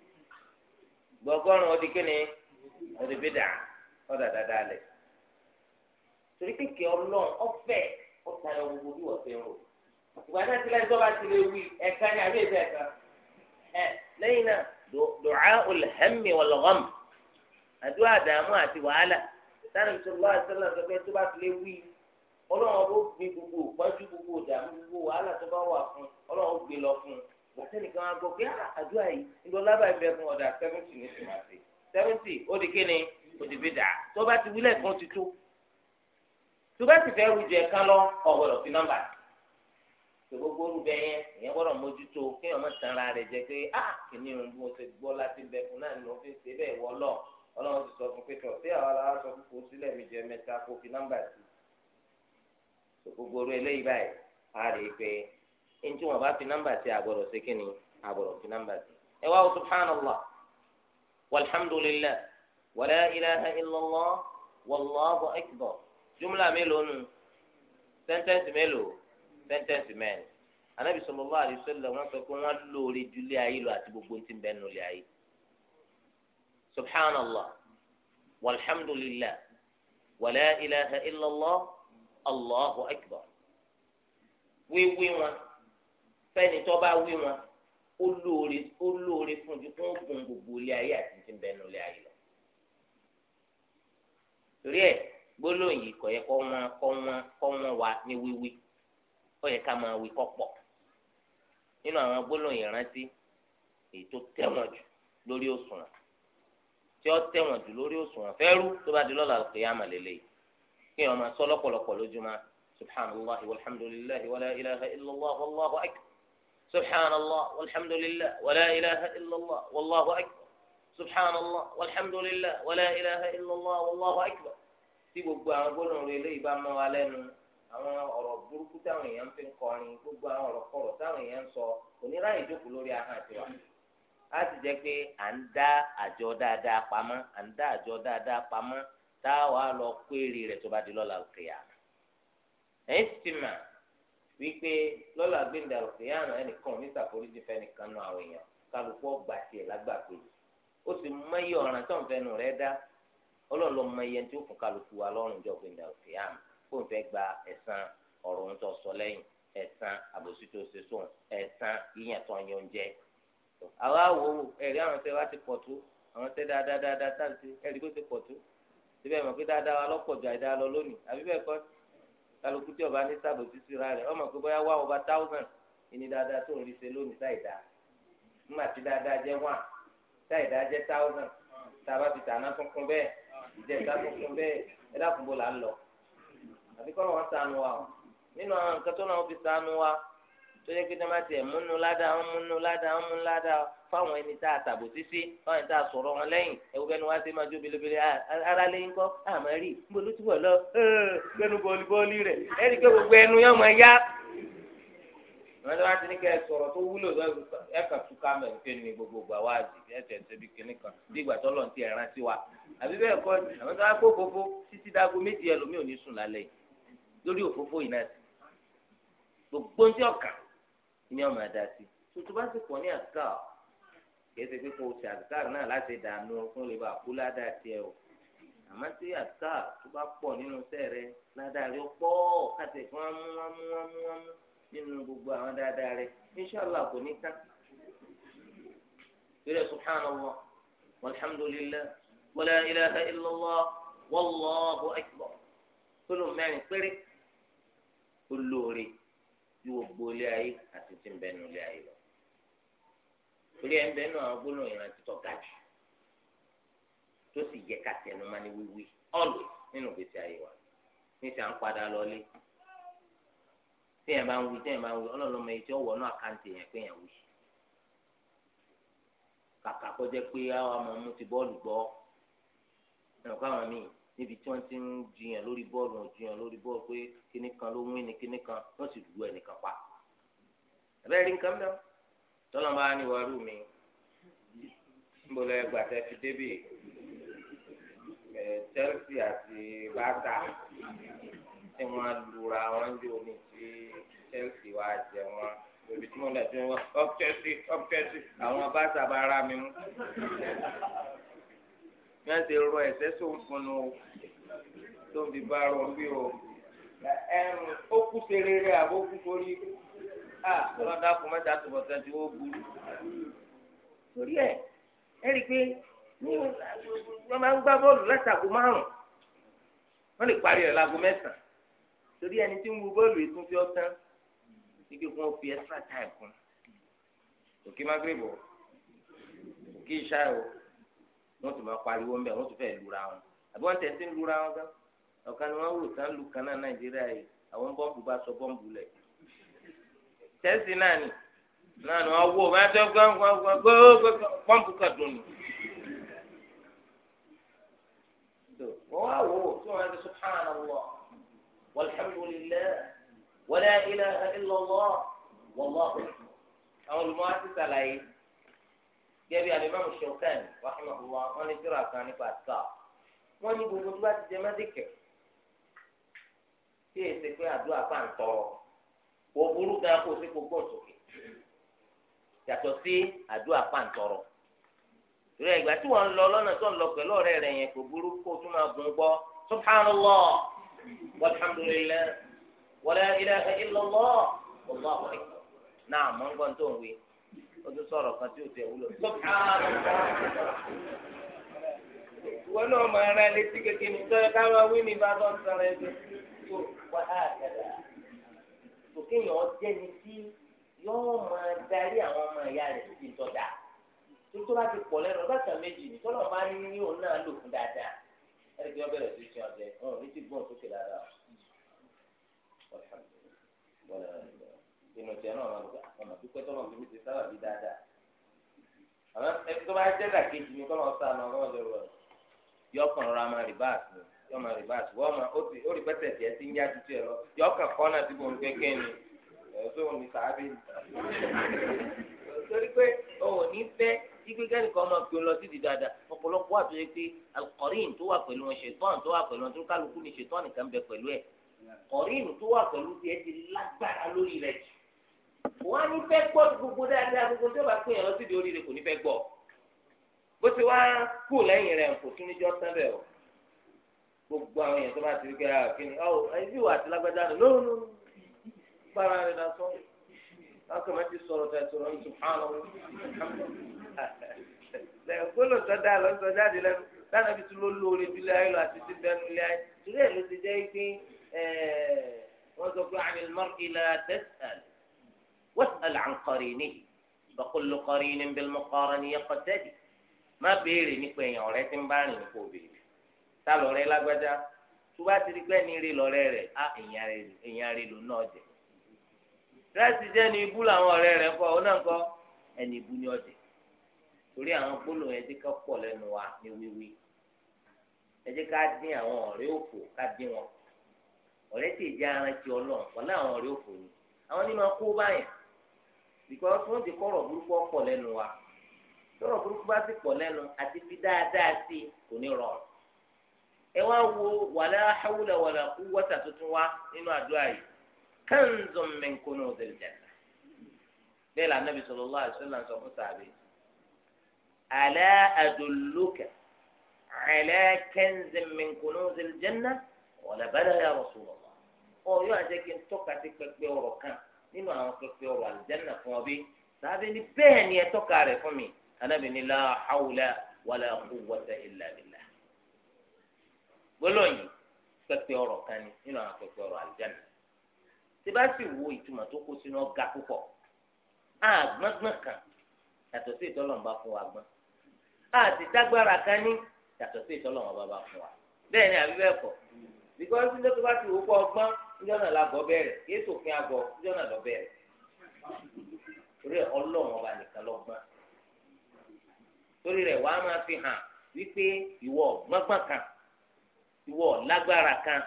gbọ́ ọgọ́rùn-ún ọdí kíni ọdí bídà ọ̀dà dáadáa lẹ̀ torí kékeré ọlọ́run ọ̀fẹ́ ọ̀tá ẹ̀ wọ́n bí wọ́n fẹ́ rò ìgbà náà ti lẹ́yìn tó bá ti lè wí ẹ̀ka ni àbí ẹ̀ka ẹ̀ka ẹ̀ lẹ́yìn náà dùcá olùhẹ́mì wọlọ́gọ́m àdúrà dààmú àti wàhálà sáré ìṣòro àti sọ́lá ọlọ́run ó gbé gbogbo òpájú gbogbo ìdààmú gbogbo wàhálà tó bá wà fún ọlọ́run gbé lọ fún un látẹnìkan á gbọ́ pé ah, àdúrà yìí ńlọ lábàá ìfẹ́ fún ọ̀dà seventy ní tòmátì seventy ó di kíni ó di bí dà tó bá ti wílẹ̀ kan ti tó tó bá ti fẹ́ rújẹ kán lọ ọ̀gbọ̀dọ̀ fi nọ́mbà tó gbogbo orúbẹ yẹn ìyẹn gbọ́dọ̀ mójútó kéèyàn má tan ara rẹ̀ jẹ pé á ah, kìíní òun bí mo ti gbọ́ láti bẹ fún náà ni mo fi ṣe bẹ́ẹ̀ wọ́ lọ ọlọ́run ti sọ fún pé tọ̀ sí àwọn gbogbo orí eléyìí báyìí a rè é pé ẹni tí wọn bá fi nọ́mbà sí àgbọ́dọ̀ sí kí ni àgbọ́dọ̀ fi nọ́mbà sí. ẹ wá subhanallah walhamdulillah wala ilaha illallah wallahu akbar jumla mélòó nù sẹ́ńtẹ́ǹsì mélòó sẹ́ńtẹ́ǹsì mẹ́rin anabi sallallahu alaihi wasallam wọn sọ pé wọn lóore ju ilé ayé lọ àti gbogbo tí ń bẹ ayé subhanallah walhamdulillah wala ilaha illallah allahu akbar wíwí wọn fẹ́ni tó bá wí wọn ó lóore ó lóore fún ju kó gun gbogbo ilé ayé àti ti bẹnu ilé ayé lọ torí ẹ gbólóhùn yìí kò yẹ kó wọn kó wọn kó wọn wá ní wíwí ó yẹ ká máa wí kó pọ̀ nínú àwọn gbólóhùn ìrántí èyí tó tẹ̀wọ̀n jù lórí òṣùwọ̀n tí ó tẹ̀wọ̀n jù lórí òṣùwọ̀n fẹ́rú tó bá di lọ́la kìí àmàlélẹ́yìí kí wọn máa sọ lọ́pọ̀lọpọ̀ lójúmọ́ subhanallah walhamdulillah wala ilaha illallah wallahu akbar subhanallah walhamdulillah wala ilaha illallah wallahu akbar subhanallah walhamdulillah wala ilaha illallah wallahu akbar tí gbogbo àwọn gbọ́dọ̀ rẹ lẹ́yìn bá mọ wa lẹ́nu àwọn ọ̀rọ̀ burúkú táwọn èèyàn fi ń kọrin gbogbo àwọn ọ̀rọ̀ kọ̀rọ̀ táwọn èèyàn ń sọ oníráyè jókòó lórí ahọ́n àti wa láti jẹ́ pé à ń dá àjọ dáadáa pamọ́ à ń dá àjọ dáadáa pamọ́ tá a wàá lọ péré rẹ̀ tó bá di lọ́la òkèèyàn ẹ̀yìn ti mà wípé lọ́la gbẹ̀ndà òkèèyàn ẹnìkan ò ní ṣàforíjì fẹ́nìkan náà àwọn èèyàn kálukú ọgbà tiẹ̀ lágbàgbé ó sì mọyì ọ̀ràn tó ń fẹnu rẹ̀ dá ọlọ́ọ̀lọ́ mọyì ẹni tó kún kálukú wa lọ́rùn jọ gbẹ̀ndà òkèèyàn kó n fẹ́ gba ẹ̀san ọ̀rọ̀ ń tọ́ sọ lẹ́yìn ẹ̀san àbòsí tó ṣe síbẹ̀ mọ̀ pé dáadáa wa lọ́pọ̀ ju àìdáa lọ lónìí àbí bẹ́ẹ̀ kọ́ kálukú tí ọba ní sábòtí síra rẹ̀ ọmọ pé bóyá wá ọba táwùsàn ìní dáadáa tó ń rí ṣe lónìí táì dáa tí dáadáa jẹ́ wà táì jẹ́ fi tàná bẹ́ẹ̀ bẹ́ẹ̀ là ń lọ wọn wa o nínú àwọn nǹkan tó náà fi wa tó yẹ kí tomati ẹ̀ múnú ládàá ń múnú ládàá ń múnú ládàá fáwọn ẹni tá a tàbò sísí fáwọn ẹni tá a sọ̀rọ̀ wọn lẹ́yìn ẹ̀wù bẹ́ẹ̀ ni wọ́n á ti máa jó belebele ah, ara lẹ́yìn kọ́ ah, àmọ́ rí níbo ló ti wọ̀ lọ gbẹnu bọ́ọ̀lì bọ́ọ̀lì rẹ̀ ẹ̀rí pé gbogbo ẹnu yọ̀ mọ̀ ya. wọ́n ti wá ti ní kẹ́ ẹ sọ̀rọ̀ tó wúlò ẹ kà tú kámẹ̀ pé ní gbogbo àwa àti ẹ̀sẹ̀ ṣẹbi kìnní kan bí ìgbà tó ti ẹ̀ rántí wa àbí bẹ́ẹ̀ kọ́ àwọn tó wá kó fofó títí dago méjì ẹlòmíì ò ní sùn lálẹ́ lórí òfófó yìí náà gbogbo ń ní ọmọ ẹ̀dá sí tuntun bá sì pọ̀ ní àtúkà kìí ṣe pé kò ṣe àtúkà náà láti dànù fún lè bá kú ládàá tiẹ̀ o àmọ́ tí àtúkà tó bá pọ̀ nínú iṣẹ́ rẹ ládàá rẹ pọ̀ káṣẹ̀ fún wọn mú wọn mú nínú gbogbo àwọn dáadáa rẹ inṣàlá kò ní ká. ìrẹ̀ subhanallah walhamdulillah wala ilaha illallah wallahu akbar tó lò mẹ́rin péré olóore. ju gbogbo ilé ayé àti ti ń bẹnu nọ. ayé lọ torí ẹ ń bẹnu àwọn gbólóhùn ìrántí tó ga jù tó sì yẹ ká tẹnu máa ní wíwí ọ̀lù nínú gbèsè ayé wa níta ń padà lọlé téèyàn bá ń wí téèyàn bá ń wí tí ó àkáǹtì yẹn pé wí kàkà kọjá pé àwọn ọmọ ti bọ́ọ̀lù níbi tí wọ́n ti ń jiyàn lórí bọ́ọ̀lù wọ́n jiyàn lórí bọ́ọ̀lù pé kíní kan ló wí ni kíní kan wọ́n sì lu ẹnìkan pa abẹ́rẹ́ rí nǹkan mẹ́wàá tọ́lọ́ bá ní wàá rú mi níbo lọ ẹgbà tẹ fi débì ẹ Chelsea àti bàtà tí wọ́n lura wọn jò ní ti Chelsea wàá jẹ wọn ebi tí wọ́n lè tún wọn up Chelsea up Chelsea àwọn bàtà bá ara mi mú wọ́n ti rọ ẹ̀sẹ̀ tó ń funu o tó ń fi bá rọ bí o ó kú serere àbó kú forí ah lọ́dà kù mẹ́ta tó bọ̀ sẹ́ńtì ó burú torí ẹ̀ ẹ́ rí i pé ní wọ́n máa ń gbá bọ́ọ̀lù látàgò márùn-ún wọ́n lè parí rẹ̀ láago mẹ́sàn-án torí ẹni tí ń wo bọ́ọ̀lù ètò fi ọ̀tán ike kún fi extra time kún òkè magrebo òkè ìṣá o wọ́n tún máa pariwo ńbẹ wọ́n tún fẹ́ẹ́ lura wọn àbí wọ́n tẹsí ń lura wọn gan ọkàn ni wò lu kan náà nàìjíríà yìí àwọn bọ́ǹbù bá sọ bọ́ǹbù lẹ̀ tẹsí náà ni náà ni wọ́n wò wọ́n tẹ kan dùn ni. wọ́n wá wò ó tí wọ́n àwọn olùmọ̀ àti sàlàyé. gẹ́gẹ́ alimami Shawkani rahimahullah wọn ní sira kan nípa ká wọn ní gbogbo tó bá ti jẹ mẹ́díkì kí èsì pé àdúrà bá ń tọrọ kò burú gan kó sí gbogbo òsòkè yàtọ̀ sí àdúrà bá ń tọrọ rẹ ìgbà tí wọn ń lọ lọ́nà tó ń lọ pẹ̀lú ọ̀rẹ́ rẹ yẹn kò burú kó tún máa gun gbọ́ subhanallah walhamdulillah wala ilaha illallah wallahu akbar náà mọ̀ ń tó ń wí o tún sọ̀rọ̀ kan tí o tẹ̀ wúlò. ìwọ náà máa rán létí kékeré ní sọ́yọ́ ká máa wí ní ìbátan sọ̀rọ̀ ẹgbẹ́ tó wà á kàdà. òkè yẹn ọjẹ́ ni tí yọ́ọ́ máa darí àwọn ọmọ ìyá rẹ̀ síbi ìtọ́jà tó tó bá ti pọ̀ lẹ́nu ọba kan méjì ní tọ́lọ̀ máa ní ní òun náà lò fún dáadáa ẹni tí wọ́n bẹ̀rẹ̀ sí ṣe ọ̀jẹ̀ wọn ò ní ti gbọ́n sókè dáadáa inú tiẹ̀ náà wọn lọ àwọn àdúgbò tó wọn fi mi ti sábà bí dáadáa àwọn ẹni tó bá jẹ́ dàkejì mi kọ́ lọ́ọ́ sá àwọn ọmọ ọ̀dọ́ rẹ̀ yọkàn rọra máa rìbáàsì ni yọ máa rìbáàsì wọ́n máa ó ti ó rí pẹ́sẹ̀ tiẹ̀ ti ń yá ju tiẹ̀ lọ yọkàn kọ́ náà ti bò ń kéké ni ẹ̀sọ́ òun ni sàábì ni torí pé òun ní fẹ́ ikú kẹ́nìkan máa fi lọ sí di dáadáa ọ̀pọ̀lọpọ̀ wà tó yẹ pé alukọ̀rìn tó wà pẹ̀lú wọn ṣètọ́n tó wà pẹ̀lú wọn tó kálukú ni ṣètọ́n nìkan bẹ pẹ̀lú ẹ̀ kọ̀rìn tó wà pẹ̀lú tiẹ̀ ti lágbára lórí rẹ̀ jù wọ́n á ní fẹ́ gbọ́ gbogbo dáadáa gbogbo tó bá pè é lọ́sídìí oríire kò ní fẹ́ gbọ́ bó ti wá kú lẹ́yìn rẹ̀ kò tún níjọ́ sẹ́bẹ̀ o gbogbo àwọn èèyàn tó bá ti rí kẹ́ra kíni ọ ẹbí wà ti lágbájá nù lóhùn nù bára rẹ̀ lọ sọ lọ́kàn máa ti sọ̀rọ̀ tẹ̀ sọ̀rọ̀ ní subhanahu lẹ́yìn gbọ́dọ̀ sọ́dá lọ́sọ̀ jáde lẹ́nu dáná bí tún ló lóore bí láyé lọ àti tún bẹ́ẹ̀ nílé ayé torí ló ti jẹ́ pé wọ́n sọ pé àmì mọ́rìkì la tẹ́sán واسأل عن قرينه فكل قرين بالمقارن يقتدي má béèrè nípa èèyàn ọ̀rẹ́ tí ń bá rìn nípa òbèrè tá lọ́rẹ́ lágbájá tó bá ti di pẹ́ ní rí lọ́rẹ́ rẹ̀ á èèyàn rí lò náà jẹ. rẹ́sì jẹ́ ní ibú làwọn ọ̀rẹ́ rẹ̀ kọ́ ọ náà kọ́ ẹni ibú ní ọ̀jẹ̀ torí àwọn gbólóhùn ẹ jẹ́ ká pọ̀ lẹ́nu wa ní wíwí ẹ jẹ́ ká dín àwọn ọ̀rẹ́ òfò ká dín wọn ọ̀rẹ́ tí ì jẹ́ arántí ọlọ́run pọ̀ láwọn ọ̀rẹ́ òfò ni àwọn ní máa kó báyìí because wọ́n ti kọ́rọ̀ burúkú ọ̀pọ̀ lẹ́nu wa tọ́rọ̀ burúkú bá ti pọ̀ lẹ́nu àti fi dáadáa sí kò ní rọrùn ẹ wá wo wàlá hawla wàlá quwwata tuntun wa nínú àdúrà yìí kanzun min kunuzil janna bẹ́ẹ̀ la nabi sallallahu alaihi wasallam sọ fún sàbẹ̀ ala adulluka ala kanzin min kunuzil janna wala bala ya rasulullah ọ yóò àjẹkí ń tọ́ka sí pẹpẹ ọ̀rọ̀ kan nínú àwọn pínpín ọ̀rọ̀ àlùjánnà fún ọ bí sábẹ́ ni bẹ́ẹ̀ ni ẹ tọ́ka rẹ̀ fún mi anábì ní la hawla wala quwwata illa billah gbólóyìn pínpín ọ̀rọ̀ kan ni nínú àwọn pínpín ọ̀rọ̀ àlùjánnà tí bá sì wo ìtumọ̀ tó kó sínú ọ̀gá púpọ̀ àgbọ̀ngbọ̀n kan yàtọ̀ sí ìtọ́lọ́mọba fún wa gbọ́n àti dágbára kan ní yàtọ̀ sí ìtọ́lọ́mọba fún wa bẹ́ẹ̀ ni àbí bẹ́ẹ̀ kọ́ bíkọ́ sí lókè bá ti wò ó gbọ́n níjọ́ náà lágọ̀ọ́ bẹ̀rẹ̀ kìí sòfin àgọ̀ níjọ́ náà lọ bẹ̀rẹ̀ torí ọlọ́run ọba nìkan lọ́gbọ́n torí rẹ̀ wàá máa fi hàn wípé ìwọ gbọ́ngbọ́n kan ìwọ lágbára kan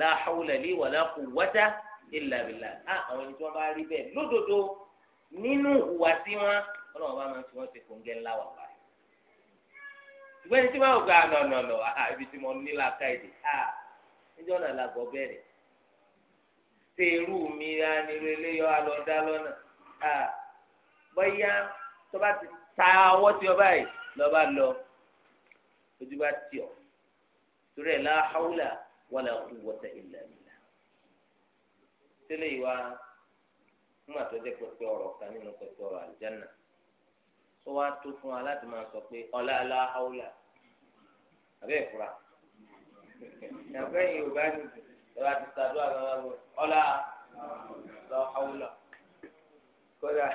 la hawla li wala quwwata illa billah á ah, àwọn ẹni tí wọ́n bá rí bẹ́ẹ̀ lódodo nínú ìwà tí wọ́n ọlọ́run ọba máa fi wọ́n ti kòńgẹ́ ńlá wà wáyé ṣùgbọ́n ẹni tí wọ́n gbà ah, nọ̀nọ̀nọ̀ ah, ibi tí mo ní làákàyè níjọ́ náà làgọ̀ bẹ̀rẹ̀ ṣe irú mi anirú eléyọ alọ́dá lọ́nà bọ́yá tó bá ti ta ọwọ́ tí ọba yìí lọ́ba lọ ojú bá tì ọ́ torí ẹ̀ la hawla wala quwwata illa billah tẹ́lẹ̀ yìí wá fún àtọ́jẹ́ pẹ̀pẹ́ ọ̀rọ̀ kan nínú pẹ̀pẹ́ ọ̀rọ̀ àlùjáná ó wá tó fún wa láti máa sọ pé ọ̀la la hawla abẹ́ ìfura ìyàgbẹ́ yìí ò nìyí ìwà ti sàdúrà gbàgbọ́ ọ̀la lọ àwùlọ. kódà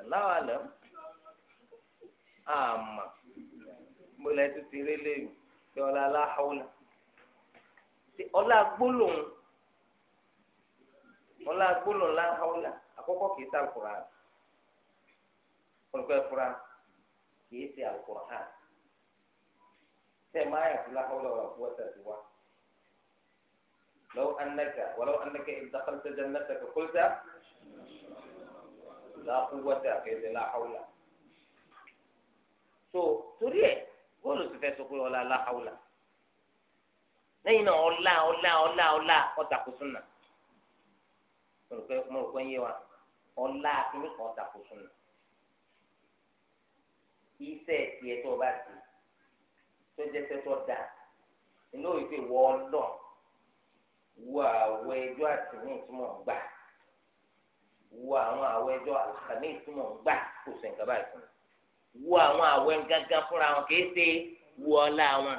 aláwa lọ àmà mbọlẹ tó ti rí léyìn tí ọlá aláhàwùlọ. ọlá gbólóhùn ọlá gbólóhùn láhàwùlọ àkọ́kọ́ kìí sàkùrà olùkọ́ ẹ̀fúra kìí ṣe àkùrà tẹ̀ máa yà fúláhàwùlọ wà fún ọ̀sẹ̀ tí wá. لو أنك ولو أنك إذ دخلت جنتك قلت لا قوة إلا لا حول so torí ẹ góòlù ti fẹ́ sọ pé ọlá la haula lẹ́yìn náà ọlá ọlá ọlá ọlá ọtàkù súnà mo rò pé mo rò pé ń yé wa ọlá kìíní kan ọtàkù súnà iṣẹ́ tó o bá ti tó jẹ́ sẹ́tọ̀ dáa inú òye pé wọ́ọ́ lọ́ọ̀ àwẹ̀ ẹjọ́ àtìmí tí mò ń gbà wo àwọn àwẹ̀ ẹjọ́ àlàkàní tí mò ń gbà kò sí nǹkan báyìí fún mi wo àwọn àwẹ̀ gángan fúnra wọn kì í ṣe wo ọlá wọn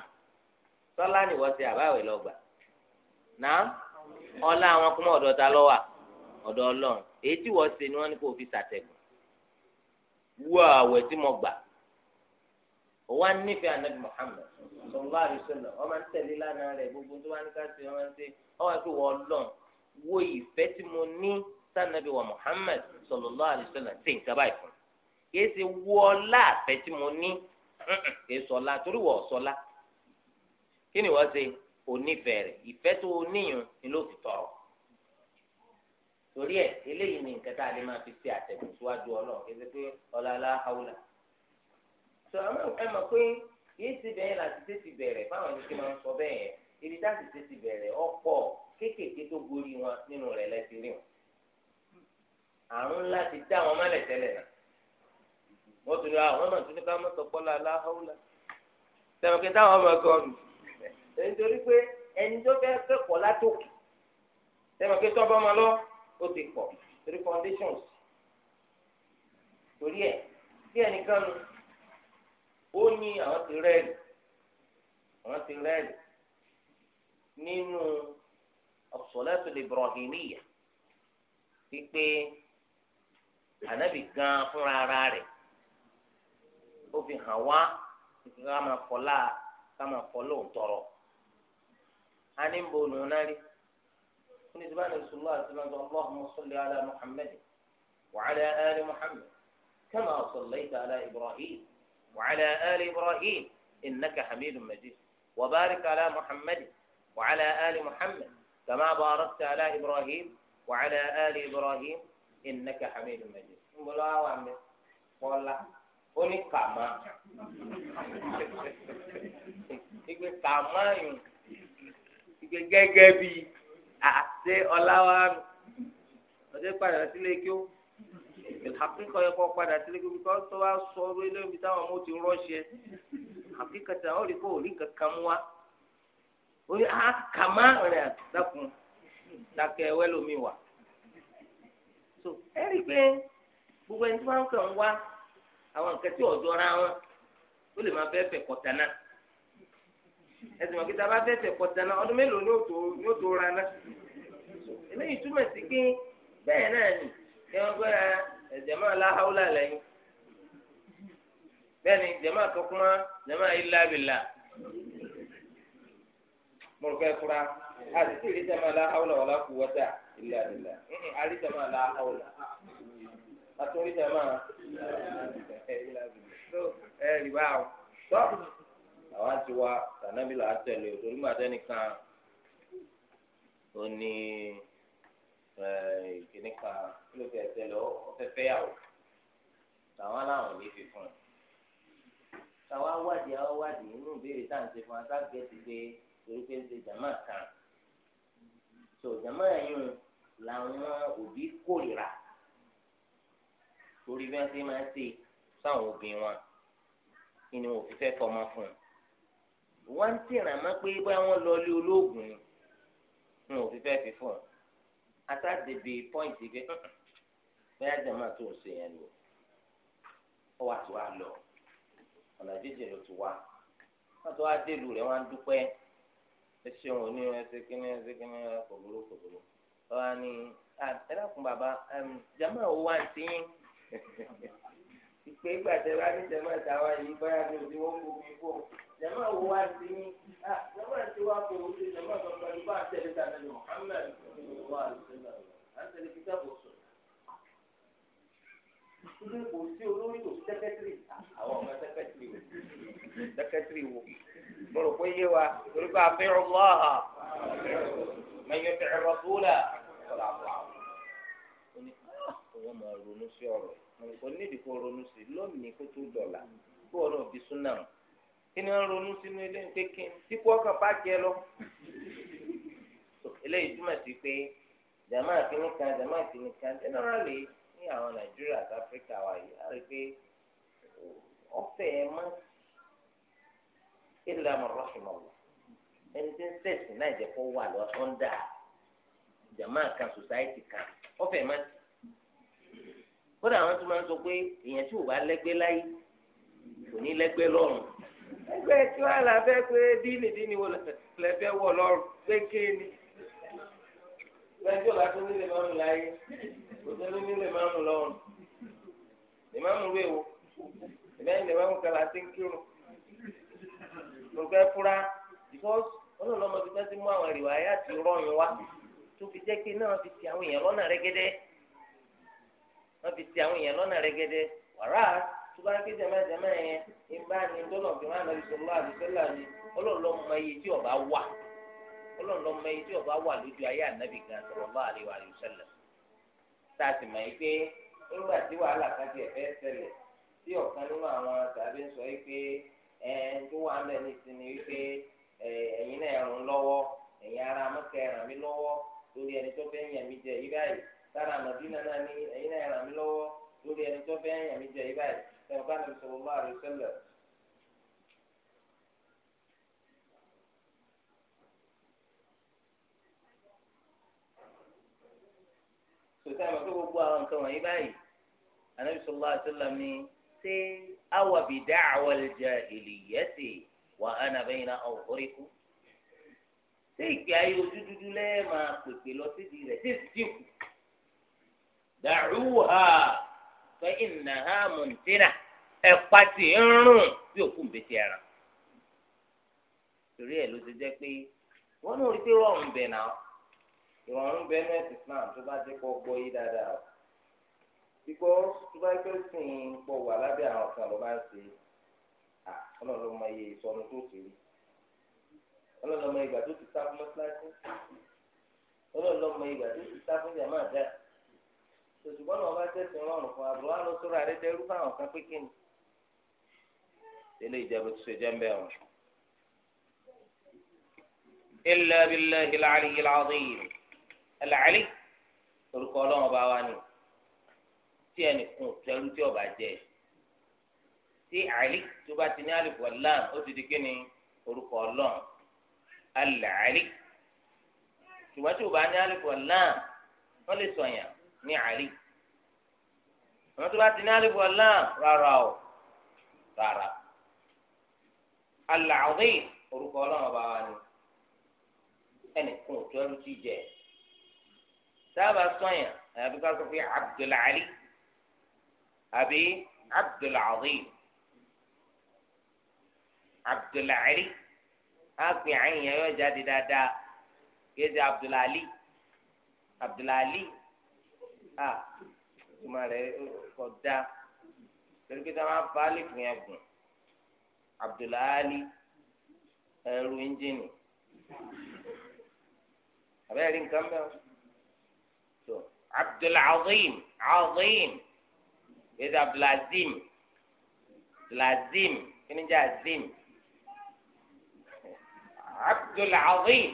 tọ́lá ni wọ́n ṣe àbáwẹ̀ lọ́gbà náà ọlá wọn kúmọ̀ ọ̀dọ̀ ta lọ́wà ọ̀dọ̀ ọlọ́run èyí tí wọ́n ṣe ni wọ́n ní kó fi ṣàtẹ̀gùn wo àwẹ̀ tí mo gbà òwa nífẹ̀ẹ́ anabi muhammed sallallahu alaihi wasallam ọmọ ń tẹ̀lé lánàá rẹ̀ gbogbo tó wà ní káṣí ọmọ ń tẹ ọwọ́ àti wọ́n lọ wo ìfẹ́ tí mo ní sànàbí wa muhammed sallallahu alaihi wasallam ṣe nǹkan báyìí fún kìí ṣe wọ ọlá àfẹ́ tí mo ní kìí sọlá torí wọ́n sọlá kí ni wọ́n ṣe onífẹ̀ẹ́ rẹ̀ ìfẹ́ tó níyùn ni ló fi tọrọ torí ẹ eléyìí ni nǹkan tá a lè máa fi ṣe àtẹ̀kùn síwájú ọlọ́run kí sọ̀rọ̀ ẹ mọ̀ pé yìí ti bẹ̀rẹ̀ láti tètè bẹ̀rẹ̀ fáwọn ẹni tí wọ́n sọ bẹ́ẹ̀ yẹn ibi táti tètè bẹ̀rẹ̀ ọ̀pọ̀ kéékèèké tó gorí wọn nínú rẹ̀ lẹ́sìn rí wọn. àrùn ńlá ti dá wọn mọ́lẹ̀ tẹ́lẹ̀ náà wọ́n tún lọ àwọn ah, náà tún ní ká mọ́tò pọ́lá aláhàúlà tẹ̀wọ́n kí táwọn ọmọ ẹ̀kọ́ nù. nítorí pé ẹni tó fẹ́ kẹ́kọ̀ọ́ látòkè tẹ̀wọ́n kí tọ́bọ́ ọmọ lọ ó ti pọ̀ three foundations torí ẹ̀ bí ẹnìkan ó ní àwọn ti rẹ́ẹ̀lì àwọn ti rẹ́ẹ̀lì nínú ọ̀sọ̀lẹ́tò Ibrahimiyya pípé ànábì gan fúnra ara rẹ̀ ó fi hàn wá ká máa kọ́lá ká máa kọ́lá òǹtọ̀rọ̀ a ní bo nù náà rí ní ti bá ní sùn lọ́wọ́ àti lọ́wọ́ Allahumma salli ala Muhammad wa ala ali Muhammad kama sallaita Ibrahim. وعلى آل إبراهيم إنك حميد مجيد وبارك على محمد وعلى آل محمد كما باركت على إبراهيم وعلى آل إبراهيم إنك حميد مجيد ملا وعمل ولا oni ọdẹ padà sílé kí ó àkíkọ yẹ kọ padà sílé kí wọn tó wá sọ ọ̀rọ̀ ilé omi táwọn ọmọ ti rọṣẹ àkíkọ tí àwọn olùkọ́ òrí kankan mú wa orí àkàmá ah, rẹ àtàkùn ah, dàkẹ ẹwẹ lómi wà so ẹ rí i pé gbogbo ẹni tí wọn kàn ń wá àwọn nǹkan tí ọjọ́ ra wọn ó lè máa bẹ́ẹ̀ fẹ̀ kọ̀tà náà ẹsìn mọ̀ kí tá a bá bẹ́ẹ̀ fẹ̀ kọ̀tà náà ọdún mélòó ni ó tó ra náà eléyìí túmọ̀ sí pé bẹ́ẹ̀ náà nì kí wọ́n gbé ẹ jàmáà láhàúlà lẹ́yìn bẹ́ẹ̀ ni jàmáà tó kúmá jàmáà ilá bìlà mo rò fẹ́ fura àti tí ìrì jàmáà láhàúlà wala quwwata ilá bìlà àrí jàmáà láhàúlà àtúndì jàmáà ilá bìlà ẹ rí bá wọn tọ́ àwọn àti wa tànàbílà àtẹlẹ òtòlú màdẹ́nìkan ó ní kìnnìkan kí ló fi ẹsẹ̀ lọ ọfẹfẹ yà wò tàwọn làwọn lè fi fún un tàwọn awádìí awádìí inú ìbéèrè tá à ń ṣe fún atágbé ti gbé torí pé ń ṣe jàmá kan tó jàmá yìí làwọn òbí kórìíra torí bí wọn ṣe máa ń ṣe sáwọn òbí wọn kí ni wọn ò fi fẹ́ fọmọ fún un wọn ń tìràn mọ́ pé bá wọn lọ lé olóògùn ni wọn ò fi fẹ́ fi fún un atágbé bíi pọ́ìntì bẹ́ẹ̀ jẹ̀mọ́ tó ń ṣe yẹn lò ó wá tó wá lọ ọ̀nà jíjìn ló ti wá wọ́n tó wá délù rẹ̀ wọ́n á dúpẹ́ ẹ ṣeun òní ẹ ṣe kíní ẹ ṣe kíní ẹ kòkòrò kòkòrò ọ̀rọ̀ ni ẹ dákun bàbá jẹ́mọ́ ò wá sí yín ìpè ìgbà tẹ bá ní jẹ́mọ́ ìtawá yìí báyà ní òbí wọn kò fi kó jẹ́mọ́ ò wá sí yín jẹ́mọ́ ti wá kó o ṣe jẹ́mọ́ ìtọ́jú bá ń tẹ̀lé tàbí Muhammad ń tẹ̀lé kíkà bò ilé kò sí olórí kò sí sẹkẹtiri àwọn ọmọ sẹkẹtiri wò sẹkẹtiri wò mo rò pé yé wa torí pé àfihàn ọlọ́ọ̀hà mẹyọ tẹ̀ ẹ̀rọ tó lẹ̀ ọ̀là àbúrò àwọn ọmọ ah, ronú sí ọ̀rọ̀ kò nídìí kó ronú sí lónìí kó tó dọ̀là kó o náà fi súnà o kí ni wọ́n ronú sínú ilé pé kí n tí kò ọkàn bá jẹ lọ. eléyìí túmọ̀ sí pé jàmáà kìnnìkan jàmáà kìnnìkan generally ní àwọn nàìjíríà àti áfíríkà wa yìí á rí i pé ọ̀fẹ́ ẹ mọ́ ìlànà rọ́ṣìmọ̀lá ẹni tí ń sẹ̀sìn náà jẹ́ kó wà lọ́sọ̀ndà jàmáà kan sòsáìtì kan ọ̀fẹ́ ẹ mọ́ kódà àwọn tó máa ń sọ pé èèyàn tí ò bá lẹ́gbẹ́ láyé kò ní lẹ́gbẹ́ lọ́rùn ẹgbẹ́ tí wàá là fẹ́ pé díìnì díìnì wo lẹ́fẹ́ wọ̀ lọ́rùn pé kéènì. lẹ́yìn tí o bá tún nílé máa mú láyé o nílé máa lọ́rùn ìmáàmù rẹ̀ o ìbẹ́yìn kala ń kírun mo fẹ́ fura because ọlọ́run ọmọ tuntun ti mú àwọn ìrìwà ayé àti wá tó fi jẹ́ pé náà fi ti àwọn èèyàn lọ́nà rẹ́gẹ́dẹ́ fi ti àwọn èèyàn lọ́nà rẹ́gẹ́dẹ́ wàrà yẹn ìbáni ọlọ́run lọ́mọ yìí tí ọba wà lójú ayé ànábì gan sallallahu alaihi wa sallam tá a sì mọ̀ yìí pé nígbà tí wàhálà kan ti ẹ̀fẹ́ ṣẹlẹ̀ tí ọ̀kan nínú àwọn tàbí ń sọ yìí pé ẹn tó wà ń bẹ̀ ní ìsinmi wípé ẹ̀yin náà ẹ̀rùn lọ́wọ́ ẹ̀yin ará mọ́kẹ́ ẹ̀ràn mí lọ́wọ́ lórí ẹni tó fẹ́ yàn mí jẹ yí báyìí sára màdínà náà ní ẹ̀yin náà ẹ̀ràn mí lọ́wọ́ lórí ẹni tó fẹ́ yàn mí jẹ yí báyìí sẹ́yìn pé gbogbo àwọn nǹkan wọ̀nyí báyìí anabi sọlá àtúlá mi ṣé awàbí dáhàwọ̀ lè jẹ ìlìyẹ́sì wà á nàbẹ́yìn náà ọ̀hórí kú ṣé ìgbé ayé ojú dúdú lẹ́ẹ̀ máa pèpè lọ síbi rẹ̀ sí ìsìnkú dàrúwà fẹ́ ìnáhà mọ̀ntínà ẹ̀pà ti ń rùn bí òkú bẹ́tẹ̀ ara torí ẹ̀ ló ti jẹ́ pé wọ́n náà rí pé rọrùn bẹ̀ náà ìrọ̀rùn bẹ́ẹ̀ islam tó bá jẹ́ kó gbọ́ yí dáadáa o tó bá pẹ́ sìn ín pọ̀ wà lábẹ́ àwọn kan ló bá ń ṣe ọlọ́run ló iye ìsọnù tó ti rí ọlọ́run ló ìgbà tó ti sá fún mọ́sálásí ọlọ́run ló ìgbà tó ti sá fún jàmáà dáa ṣùgbọ́n náà bá tẹ̀sán rọrùn fún àbúrò àlọ́ sọ́ra rẹ dẹ́rú bá àwọn kan pé kí ni ilé ìjẹ́bù tó ṣe jẹ́ ń bẹ̀ wọn. illa billahi al-ali al-azim. Al-Ali orúkọ ọlọ́run ọba wa ni tí ẹnìkan ò tẹ́rú tí ọba jẹ tí Ali tó bá ti ní àlùkò lam ó ti di kí ni orúkọ ọlọ́run Al-Ali ṣùgbọ́n tí o bá ní àlùkò lam wọ́n lè sọ̀yàn ní Ali àwọn tó bá ti ní àlùkò lam rárá o rárá al orúkọ ọlọ́run ọba wa ni ẹnìkan ò tí jẹ sábà sọyàn àyàfi ká sọ pé Abdul Ali àbí Abdul Azim Abdul Ali á pè àyìnyẹn yóò jáde dáadáa kéde Abdul Ali Abdul Ali a tuma rẹ kọjá torí pé sábà fa lè fún yẹn gùn Abdul Ali ẹrù ẹnjìnì àbẹ́rẹ́ nǹkan mẹ́wàá so abdulazim azim yéé abdulazim lazim kí ni jẹ́ azim abdulazim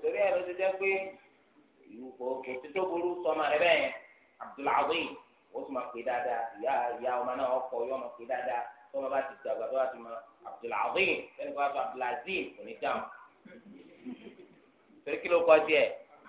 torí ẹ̀ ló ti jẹ́ pé kò sí tó burú sọmọ rẹ bẹ́ẹ̀ abdulazim ó sì máa pè dáadáa ìyá ìyá ọmọ náà ọkọ yóò máa pè dáadáa tó máa bá ti dàgbà tó bá ti máa abdulazim sẹ́ni kó bá tó abdulazim kò ní dáhùn torí kí ló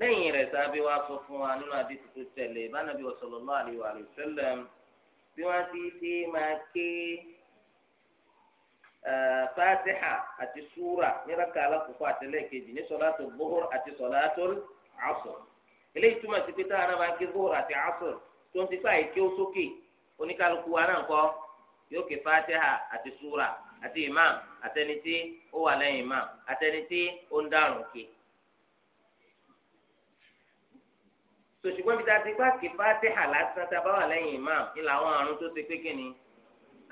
lẹ́yìn rẹ̀ sábẹ wá sọ fún wa nínú àdìsí tó tẹ̀lé bánàbí sallallahu alaihi wa sallam bí ti ṣe máa fatiha àti sura níraka alákòókò àtẹlẹ́kejì ní sọlátò bóhùr àti sọlátò asr eléyìí túmọ̀ sí pé táwọn ará ké bóhùr àti asr tó ń ti fà yìí ké ó sókè oníkálukú wa náà kọ́ yóò ké fatiha àti súra àti imam àtẹnití ó wà lẹ́yìn imam àtẹnití ó sòṣùgbọ́n bí dáa ti gbá kí fatiha lásán tá a bá wà lẹ́yìn imam ní làwọn àrùn tó ṣe pé kí ni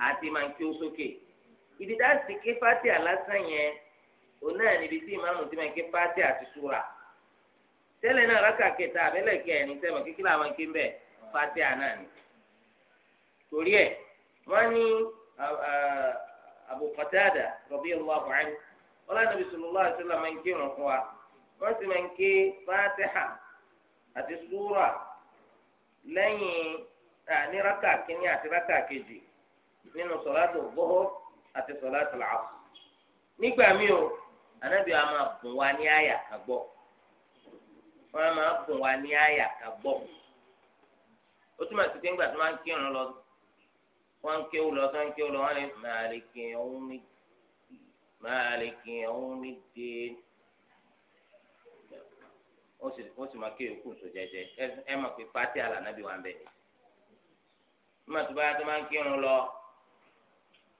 àti máa ń kí ó sókè ibi dáa ti kí fatiha lásán yẹn òun náà níbi tí imam ti máa ń kí fatiha ti súra tẹ́lẹ̀ náà rákà kẹta àbẹ́lẹ̀ kẹrin tẹ́lẹ̀ kíkí làwọn kí ń bẹ̀ fatiha ni torí ẹ̀ wọ́n ní Abu Qatada radiyallahu anhu wọ́n lánàá bisimilá àti sọ́lá máa ń kí ìrànkọ́ wa wọ́n sì máa ń kí fatiha. àti súrà lẹ́yìn ní kínní àti rákà kejì nínú àti nígbà o anábìá a máa bùn wa ní àyà ká a máa bùn ní àyà ká gbọ́ túmọ̀ sí pé ńgbà tí wọ́n á kírun lọ wọ́n ń kéwù lọ wọ́n ń kéwù lọ wọ́n lè ó sì máa ké yòókù sọ jẹ́jẹ́ ẹ mọ̀ pé pátí àlànàbí wà ń bẹ̀. nígbà tó tó máa ń kírun lọ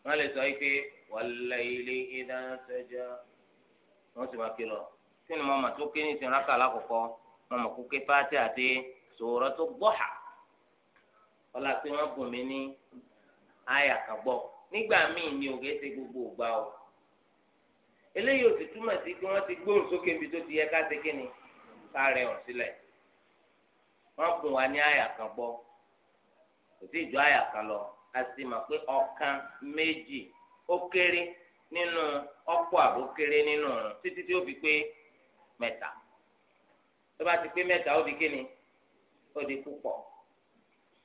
wọ́n lè sọ pé wal-layli idha saja sì máa ké lọ. kí ni mo tó ní rákà lákòókò mo mọ̀ kó ké àti ọlá pé wọ́n gùn mí ní àyà kan gbọ́ nígbà míì ni òkè gbogbo o eléyìí ò sì túmọ̀ sí pé wọ́n ti gbóhùn sókè tó ti yẹ ká kí ni sáré ọ̀ sílẹ̀ wọ́n fún wa ní àyà kan kò sí ìjọ àyà kan lọ a sì mọ̀ pé ọ̀kan méjì ó kéré nínú ọ̀pọ̀ àbó kéré nínú ọ̀run títí tí ó fi pé mẹ́ta tó bá ti pé mẹ́ta ó di kíni ó di púpọ̀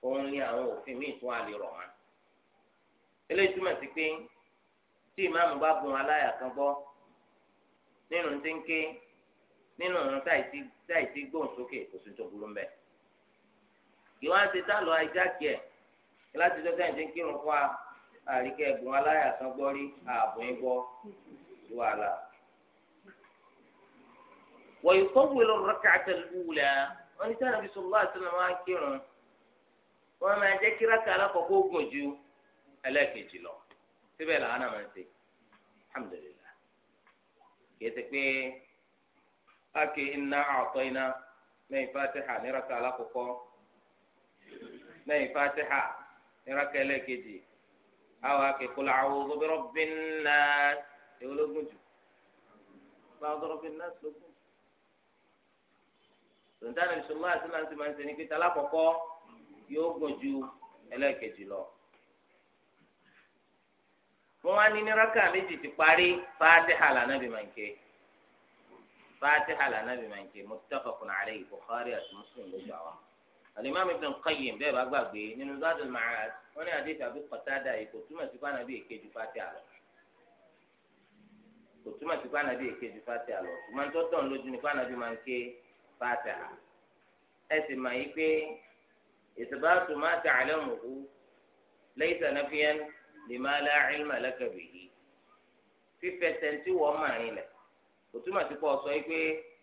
òun ni àwọn òfin míì tún wọn. eléyìí túmọ̀ sí pé tí ìmáàmù bá gun aláyà kan gbọ́ nínú ọ̀run táì sí gbóhùn sókè kò sí tó burú mbẹ. ìwà ń ṣe sálọ ajá kìí ẹ̀ láti tó sẹ́yìn tí ń kírun fún wa àríkẹ́ ẹ̀bùn aláyàsán gbọ́ rí ààbò ń bọ́ sí wàhálà. wọ́n yìí kọ́wé lọ rọ́kà àtẹlẹ́wùlẹ̀ wọ́n ní sáyẹn bisọ̀ lọ́wọ́ àti lọ́wọ́ kírun wọ́n máa jẹ́ kíráka alákọ̀ọ́kọ́ ogun ju ẹlẹ́ẹ̀kejì lọ síbẹ̀ làwọn náà máa ń ṣe alhamdulilayi kì ṣe pé. ake iná àtọ́ iná na, fatiha níraka alákọ̀ọ́kọ́ lẹ́yìn fatiha níraka ẹlẹ́kejì àwọn akẹ́kọ̀ọ́ làwọn ọ̀gbọ́dọ̀ bí nà ewológun jù ma ọ̀gbọ́dọ̀ bí nà sókun. sọ̀tàn ìṣòwò àti láti máa ń sẹ́ni pé lọ. ní níraka méjì ti parí fatiha lànà fatiha la nabi máa ń ké muttafaqun alayhi bukhari àti muslim ló gbà wá. alimami ibn qayyim bẹ́ẹ̀ bá gbàgbé nínú zadul ma'ad wọn ní adé tàbí kọtada yìí kò túmọ̀ sí fanabi èké ju fatiha lọ. kò túmọ̀ sí fanabi èké ju fatiha lọ ṣùgbọ́n tó dán lójú ni fanabi máa ń ké fatiha. ẹ sì máa yí pé ìsìbáàtú ma ta'lamuhu laysa nafiyan lima la ilma laka bihi. fífẹsẹ̀ tí wọ́n máa rìn lẹ̀ kò túmọ̀ sí pé ọ sọ pé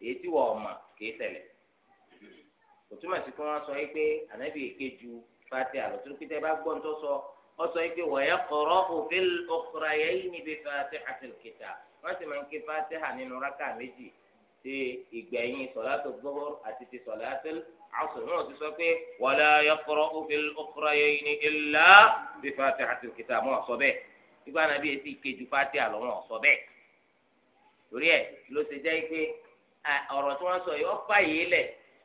èyí tí wọ́n ọ̀mà kìí tẹ̀lẹ̀ kò túmọ̀ sí pé wọ́n sọ pé ànábì èké ju fati àlọ́tún pété bá gbọ́n tó sọ ọ sọ pé wa yaqra'u fil ukhrayayni bi fatihatil kitab wọ́n sì máa ń ké fatiha nínú rákà méjì ti ìgbẹ̀yìn sọ̀látò gbọ́wọ́ àti ti sọ̀látò àwòsàn náà ti sọ pé wala yaqra'u fil ukhrayayni illa bi fatihatil kitab bí fati àlọ́ wọn ọ̀sọ́ bẹ́ẹ̀ torí ẹ ló ṣe jẹ́ pé ọ̀rọ̀ tí wọ́n sọ yìí ọ̀pá yìí lẹ̀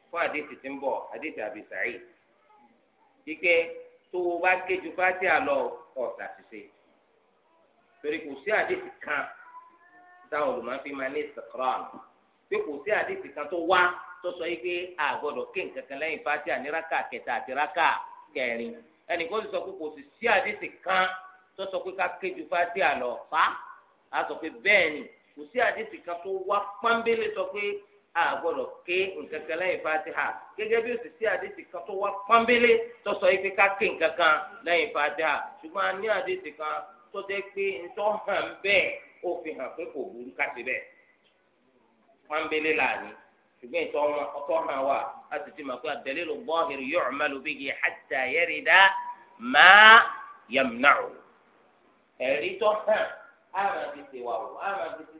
fún àdìsí tí ń bọ̀ àdìsí àbí sàárì kíkẹ́ tó o bá ké ju fásitì àlọ́ ọ̀sà ṣiṣẹ́ torí kò sí àdìsí kan táwọn olùmọ̀fin máa ní sàkran pé kò sí àdìsí kan tó wá tó sọ yìí pé a gbọ́dọ̀ ké nǹkan lẹ́yìn fásitì àníraka kẹta àti raka kẹrin ẹnìkan ti sọ pé kò sì sí àdìsí kan tó sọ pé ká ké ju àlọ́ fa a sọ pé bẹ́ẹ̀ ni kò sí àdìsí kan tó wá pọ́nbélé sọ pé a gbọ́dọ̀ ké nǹkan kan lẹ́yìn fatiha gẹ́gẹ́ bí o sì sí àdìsí kan tó wá pọ́nbélé tó sọ yìí pé ká ké nǹkan kan lẹ́yìn fatiha ṣùgbọ́n a ní àdìsí kan tó jẹ́ pé ntọ́ hàn bẹ́ẹ̀ ó fi hàn pé kò burú ká bẹ́ẹ̀ pọ́nbélé làní ṣùgbọ́n ìtọ́ hàn wá a sì ti mọ̀ pé ad-dalilu zahir yu'malu bihi hatta yarida ma yamna'u ẹ̀rí tó hàn á máa fi ṣèwà wò á máa fi ṣ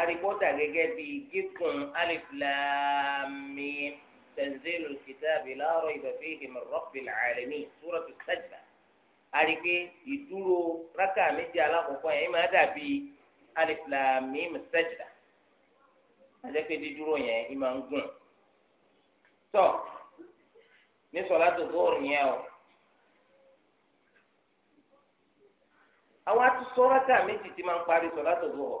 arikota gẹ́gẹ́ bí gígùn alif lam mim tanzilul kitabi la rayba fihi min rabbil alamin suratu sajda arike ìdúró raka méjì alákọ̀ọ́kọ́ yẹn máa dàbí alif lam mim sajda àjẹpẹ́ dídúró yẹn ìmọ̀ ń gùn tọ́ ní sọ̀látù zuhur yẹn o. àwọn atusọ́ raka méjì ti máa ń parí zuhur.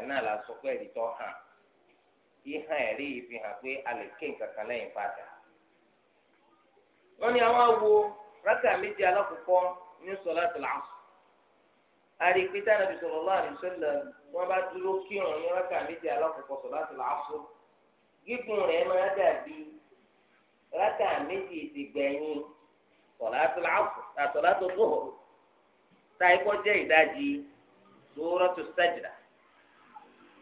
ìyẹn la sọ pé ẹ̀rí tó hàn fi hàn pé a lè ké nǹkan lẹ́yìn padà. wọ́n ní àwọn awo rákà méjì alákòókò ní sọlá tìlásù. àrí pété ànábì sallallahu alaihi bá dúró kírun ní rákà méjì alákòókò sọlá tìlásù. gígùn rẹ̀ máa dàbí rákà méjì ti gbẹ̀yìn sọlá tìlásù àtọ̀lá tó tó hàn. táyì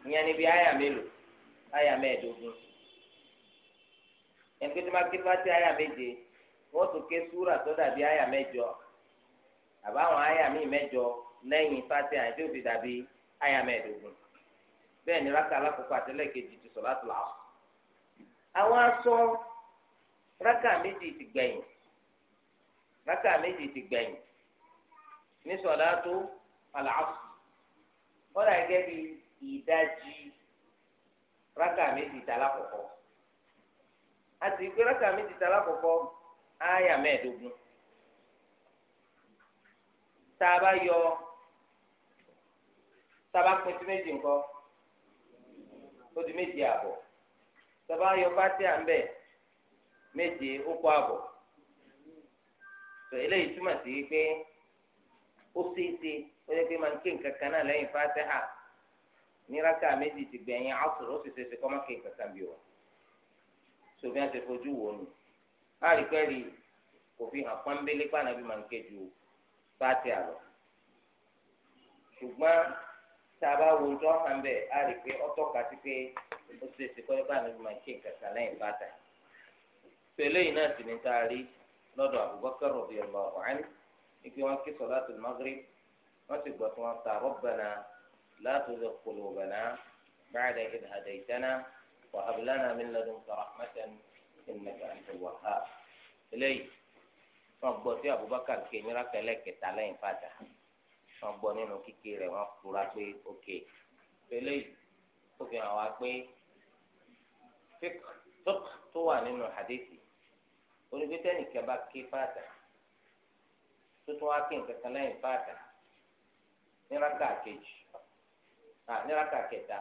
ìyẹn níbi àyà mélòó àyà mẹ́ẹ̀ẹ́dógún ẹni pé àyà méje wọ́n tún ké súrà tó dàbí àyà mẹ́jọ àbáwọn àyà míì mẹ́jọ lẹ́yìn fásitì àyà tí ó fi dàbí àyà mẹ́ẹ̀ẹ́dógún bẹ́ẹ̀ ni rákà alákòókò àtẹ́lẹ̀ kejì ti sọ̀rọ̀ àtúlà ọ̀ àwọn aṣọ rákà méjì ti gbẹ̀yìn rákà méjì ti gbẹ̀yìn ní sọ̀dá tó àlàáfù wọ́n bíi. ìdajì rákà méjì tala lákọ̀ọ́kọ́ àti ìgbé rákà méjì ta lákọ̀ọ́kọ́ ááyà mẹ́ẹ̀ẹ́dógún tá a bá yọ tá a bá pín sí méjì nǹkan ó di méjì àbọ̀ tá a bá yọ fásíà ń bẹ̀ méje ó kó àbọ̀ tó eléyìí sí pé ó ṣeé ṣe ó yẹ pé máa ń ké nǹkan kan náà lẹ́yìn fásíà ní rákà méjì ti gbẹ̀yìn asr ó sì ṣeéṣe kọ́ mọ́kì kankan bí wọn tó bí wọn ti fojú wò ó nù láàrúkẹ́rì kò fi hàn pọ́nbélé pànàbí máa ń kéjú báàtì àlọ́ ṣùgbọ́n tá a bá wo ojú ọ̀hán bẹ́ẹ̀ á rí i pé ó tọ́ka sí pé ó ṣe ti kọ́lé pànàbí máa ń ké kankan lẹ́yìn bàtà pẹ̀lú yìí náà sì ní tá a rí lọ́dọ̀ Abubakar radiyallahu anhu ni pé wọ́n kí sọ̀látùl maghrib لا تزغ قلوبنا بعد إذ هديتنا وهب لنا من لدنك رحمة إنك أنت الوهاب إلي فبو سي أبو بكر كي نراك لك تعلين فاتحة فبو نينو كي كي رمو فورا بي أوكي إلي فبو نواك بي فك فك توا نينو حديثي ونو بيتاني كباك كي فاتحة تتواكين كتعلين فاتحة نراك كيج ní raka kẹta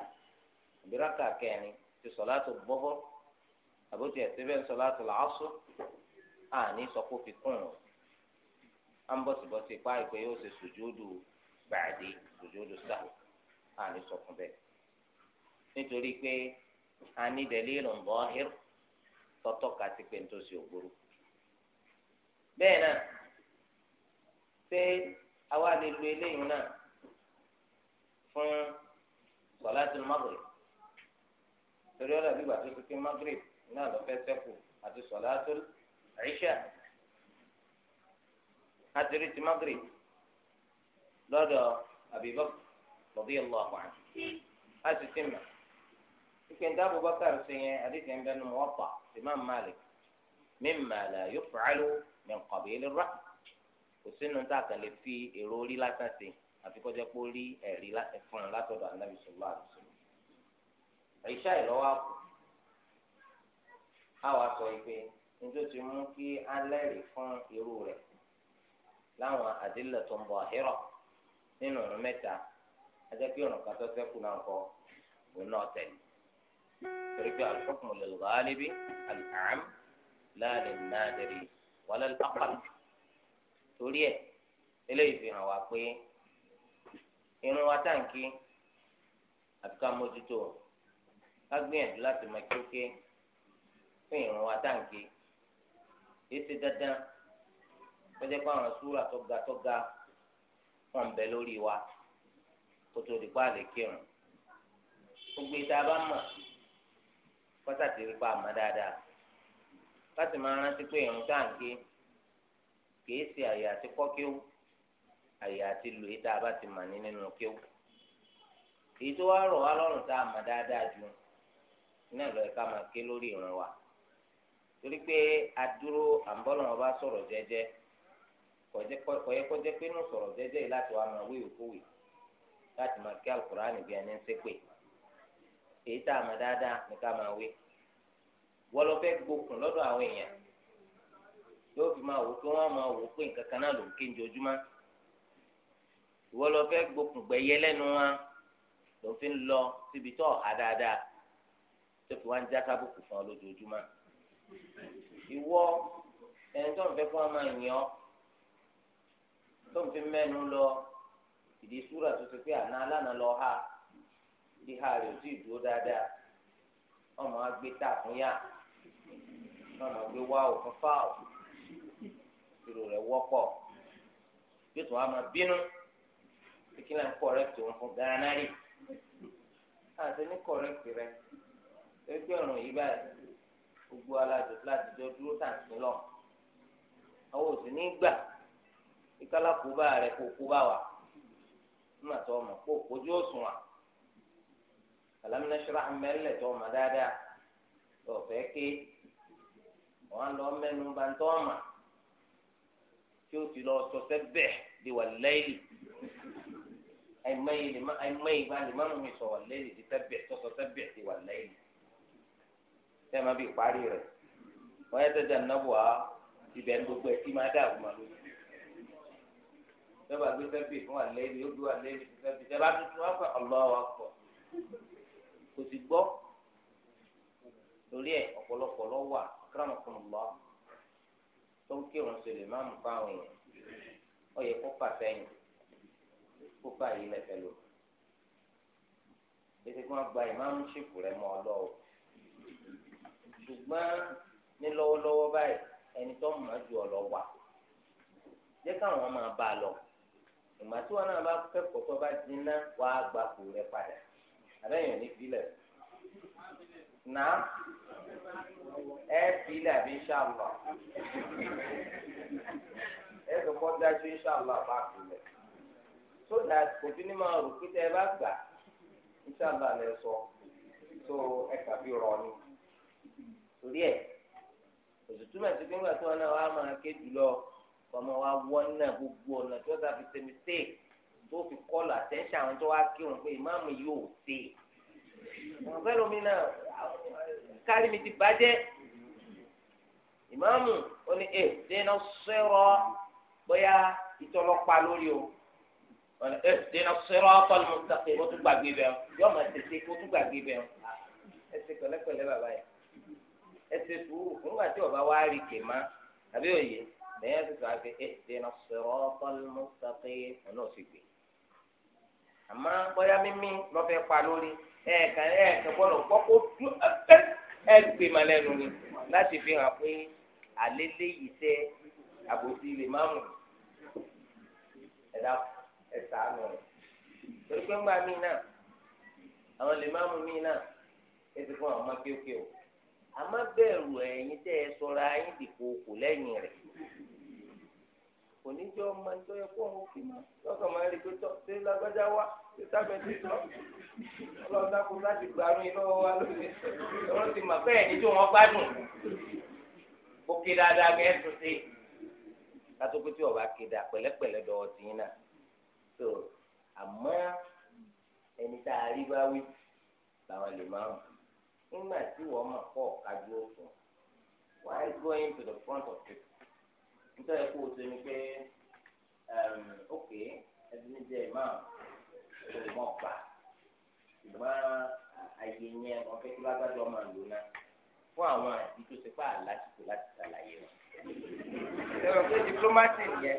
àbí raka kẹrin ti sọláàtù bọ́họ́ àbótí ẹ̀sẹ̀ bẹ́ẹ̀ sọláàtù làásù àní sọ́kó fi kún un à ń bọ̀sibọ̀sì pa ìpè yóò ṣe sùjúdù bàdé sùjúdù sáà àní sọkún bẹ́ẹ̀ nítorí pé àní dẹ̀lílù ń bọ́ tọ́tọ́ صلاة المغرب تري ولا بيبقى في كتير مغرب نا لو في سفو هذه صلاة العشاء هذه ريت المغرب لا أبي بكر رضي الله عنه هذه تسمى لكن ده أبو بكر سين حديث عند الموطع إمام مالك مما لا يفعل من قبيل الرأي وسنن تاكل في إيرولي لا تنسين àfi kọjá pé ó rí ẹ̀rí fún un látọ̀dọ̀ anábì sọlá àdùsọ̀lá ìṣá ìlọ́wọ́ àpò àwa sọ pé nítorí ti mú kí alẹ́rìí fún irú rẹ̀ láwọn àdìlẹ̀ tó ń bọ̀ àhírọ̀ nínú ọ̀rọ̀ mẹ́ta ajá pé ọ̀nà kan tó sẹ́kù náà kọ òun náà tẹ̀lé torí pé al-hukmu lil-ghalibi al-a'am la lin-nadiri wala torí ẹ̀ eléyìí fi hàn wá pé irun wa táǹkì àti ká mójútó ká gbìyànjú láti máa kéwké fún irun wa táǹkì kìí ṣe dandan kọjá pé àwọn súrà tó ga tó ga wọn ń bẹ lórí wa kó tó di pa àlè kírun gbogbo ìta bá mọ̀ pátá ti rí pa àmọ́ dáadáa láti máa rántí pé irun táǹkì kìí ṣe àyè àti kọ́kíó. àyè àti lu ịta aba bá ti mà ní nínú kéwù èyí tó wá rọ̀ wá lọ́rùn tá a ju iná ìlọ ẹ̀ka máa ké lórí ìran wa torí pé adúró ọba sọ̀rọ̀ jẹ́jẹ́ kọ̀yẹ́ kọjẹ́ pé inú sọ̀rọ̀ jẹ́jẹ́ yìí láti wá máa wíwì kúwì láti máa kí alukóraani ẹni ń èyí tá a mà dáadáa ní ká máa wí wọ́n lọ fẹ́ gbókun lọ́dọ̀ àwọn èèyàn yóò fi máa wò pé ìwọ lọ fẹ́ gbókùn gbẹ̀yẹ lẹ́nu wa ló fi ń lọ síbi tó ọ̀há dáadáa tó fi wá ń já sábùkù fún ọ lójoojúmọ́ ìwọ ẹni tó ń fẹ́ fún ọmọ ìyàn tó ń fi mẹ́nu lọ ìdí súrà tó ti pé àná alánà lọ ha ìdí ha rẹ̀ ò tí ì dúró dáadáa ọmọ agbé tà fún yá ọmọ agbé wá òfin fáwọ̀ ìrò rẹ̀ wọ́pọ̀ yóò tún wá máa bínú. kí náà kọrẹ́kì òun fún gánà rí àti rẹ ẹgbẹ́ ọ̀ràn yìí báyìí gbogbo alájọ láti jọ dúró tàǹtí lọ àwọn òsì ní gbà bá rẹ kó kó bá wà nígbà tó ọmọ kó kojú òṣùwọ̀n alámínáṣẹ́rà mẹ́lẹ̀ tó ọmọ dáadáa lọ́ọ̀fẹ́ ké wọn lọ mẹnu bá ń tọ́ ọmọ tí ó ti àìmọye lè má àìmọye ìgbà lè má mú mi sọ̀rọ̀ lẹ́yìn ti tẹ́bẹ̀ tọ́sọ tẹ́bẹ̀ ti wà lẹ́yìn tẹ́ ẹ má bí parí rẹ̀ wọ́n yẹ tẹ́jà nábù á ibẹ̀ ní gbogbo ẹ̀ tí máa dàrú ma lójú tẹ́bà gbé tẹ́bẹ̀ fún wà lẹ́yìn yóò gbé wà lẹ́yìn ti tẹ́bẹ̀ tẹ́bà tuntun wá pẹ́ ọlọ́wà pọ̀ kò sì gbọ́ lórí ẹ̀ ọ̀pọ̀lọpọ̀ lọ wà kíràmọ̀kùnmọ̀ tó ń kírun ṣe lè má mú fáwọn èèyàn ó kó báyìí lẹ́fẹ̀ẹ́ lò ètò ìgbọ́n gba ìmáàmùsìpù rẹ mọ́ ọ lọ́wọ́ ṣùgbọ́n ní lọ́wọ́lọ́wọ́ báyìí ẹni tó mọ̀ ju ọ lọ wà jẹ́ káwọn máa bá a lọ ìgbà tí wọn náà bá kẹ́kọ̀ọ́ tó bá dínná wà á gba kù rẹ padà àbẹ́yẹn ní bílẹ̀ nà ẹ bílẹ̀ àbí inṣàlá ẹ tó kọ́ dájú inṣàlá bá kù rẹ so that kò tún ní máa rò pé tẹ ẹ bá gbà ìṣàlá lẹ sọ so ẹ kàbí rọ ni torí ẹ òtútù mẹsì pé ńgbà tí wọn náà wàá máa ké jùlọ ọmọ wa wọ́n náà gbogbo ọ̀nà tí wọ́n ta fi ṣe mistake tó fi kọlù àtẹ́ńṣà àwọn tó wá kírun pé ìmáàmù yóò ṣe wọn fẹ́ lómi náà kárí mi ti bàjẹ́ ìmáàmù ó ní ẹ eh, dènà sẹ́rọ bóyá ìtọ́lọ́pàá lórí o ọ̀nà ẹ̀dínà sọ̀rọ̀ ọ̀tọ̀lù mùsàkè ó tún gbàgbé bẹ́ẹ̀ yọ ọmọ ẹ̀sẹ̀ kó tún gbàgbé bẹ́ẹ̀ ah, ẹsẹ̀ pẹ̀lẹ́pẹ̀lẹ́ bàbá yẹn ẹsẹ̀ sùúrù nígbà tí ọba wa rí kè má àbí òye lẹ́yìn ẹsẹ̀ sọ̀rọ̀ àti ẹ̀dínà sọ̀rọ̀ ọ̀tọ̀lù mùsàkè ọ̀nà òsìgbè àmọ́ bóyá mímí lọ́fẹ́ pa lórí ẹ̀ẹ̀kan ẹ̀ẹ̀kan gbọ́dọ̀ gbọ́ kó dú ẹgbẹ́ ma lẹ́nu ni láti fi hàn pé àlélẹ́yìí tẹ àbòsí lè má mú ẹ̀dá ẹ sàánù rẹ̀ torí pé ńgbà míì náà àwọn lè má mú náà ẹ ti fún àwọn ọmọ kéwkéw àmọ́ bẹ̀rù ẹ̀yin tẹ́ ẹ ẹ̀yin dìbò kò lẹ́yìn rẹ̀ kò ní jọ ọmọ máa rí lágbájá wá láti iná wa ti mà bẹ́ẹ̀ ní tí so àmọ́ ẹni tá a rí bá wí làwọn lè máa mú nígbà tí wọ́n mọ̀ pọ̀ kájú òfin why going to the front of it nítorí kó o ṣe ni pé um, ok ẹbí mi jẹ ìmáà ìmọ̀ gbà ṣùgbọ́n àyè yẹn wọ́n fẹ́ kí lágbájọ máa lò náà fún àwọn àti tó ṣe fà lásìkò láti ṣàlàyé wọn. ẹ̀rọ pé diplomatic yẹn.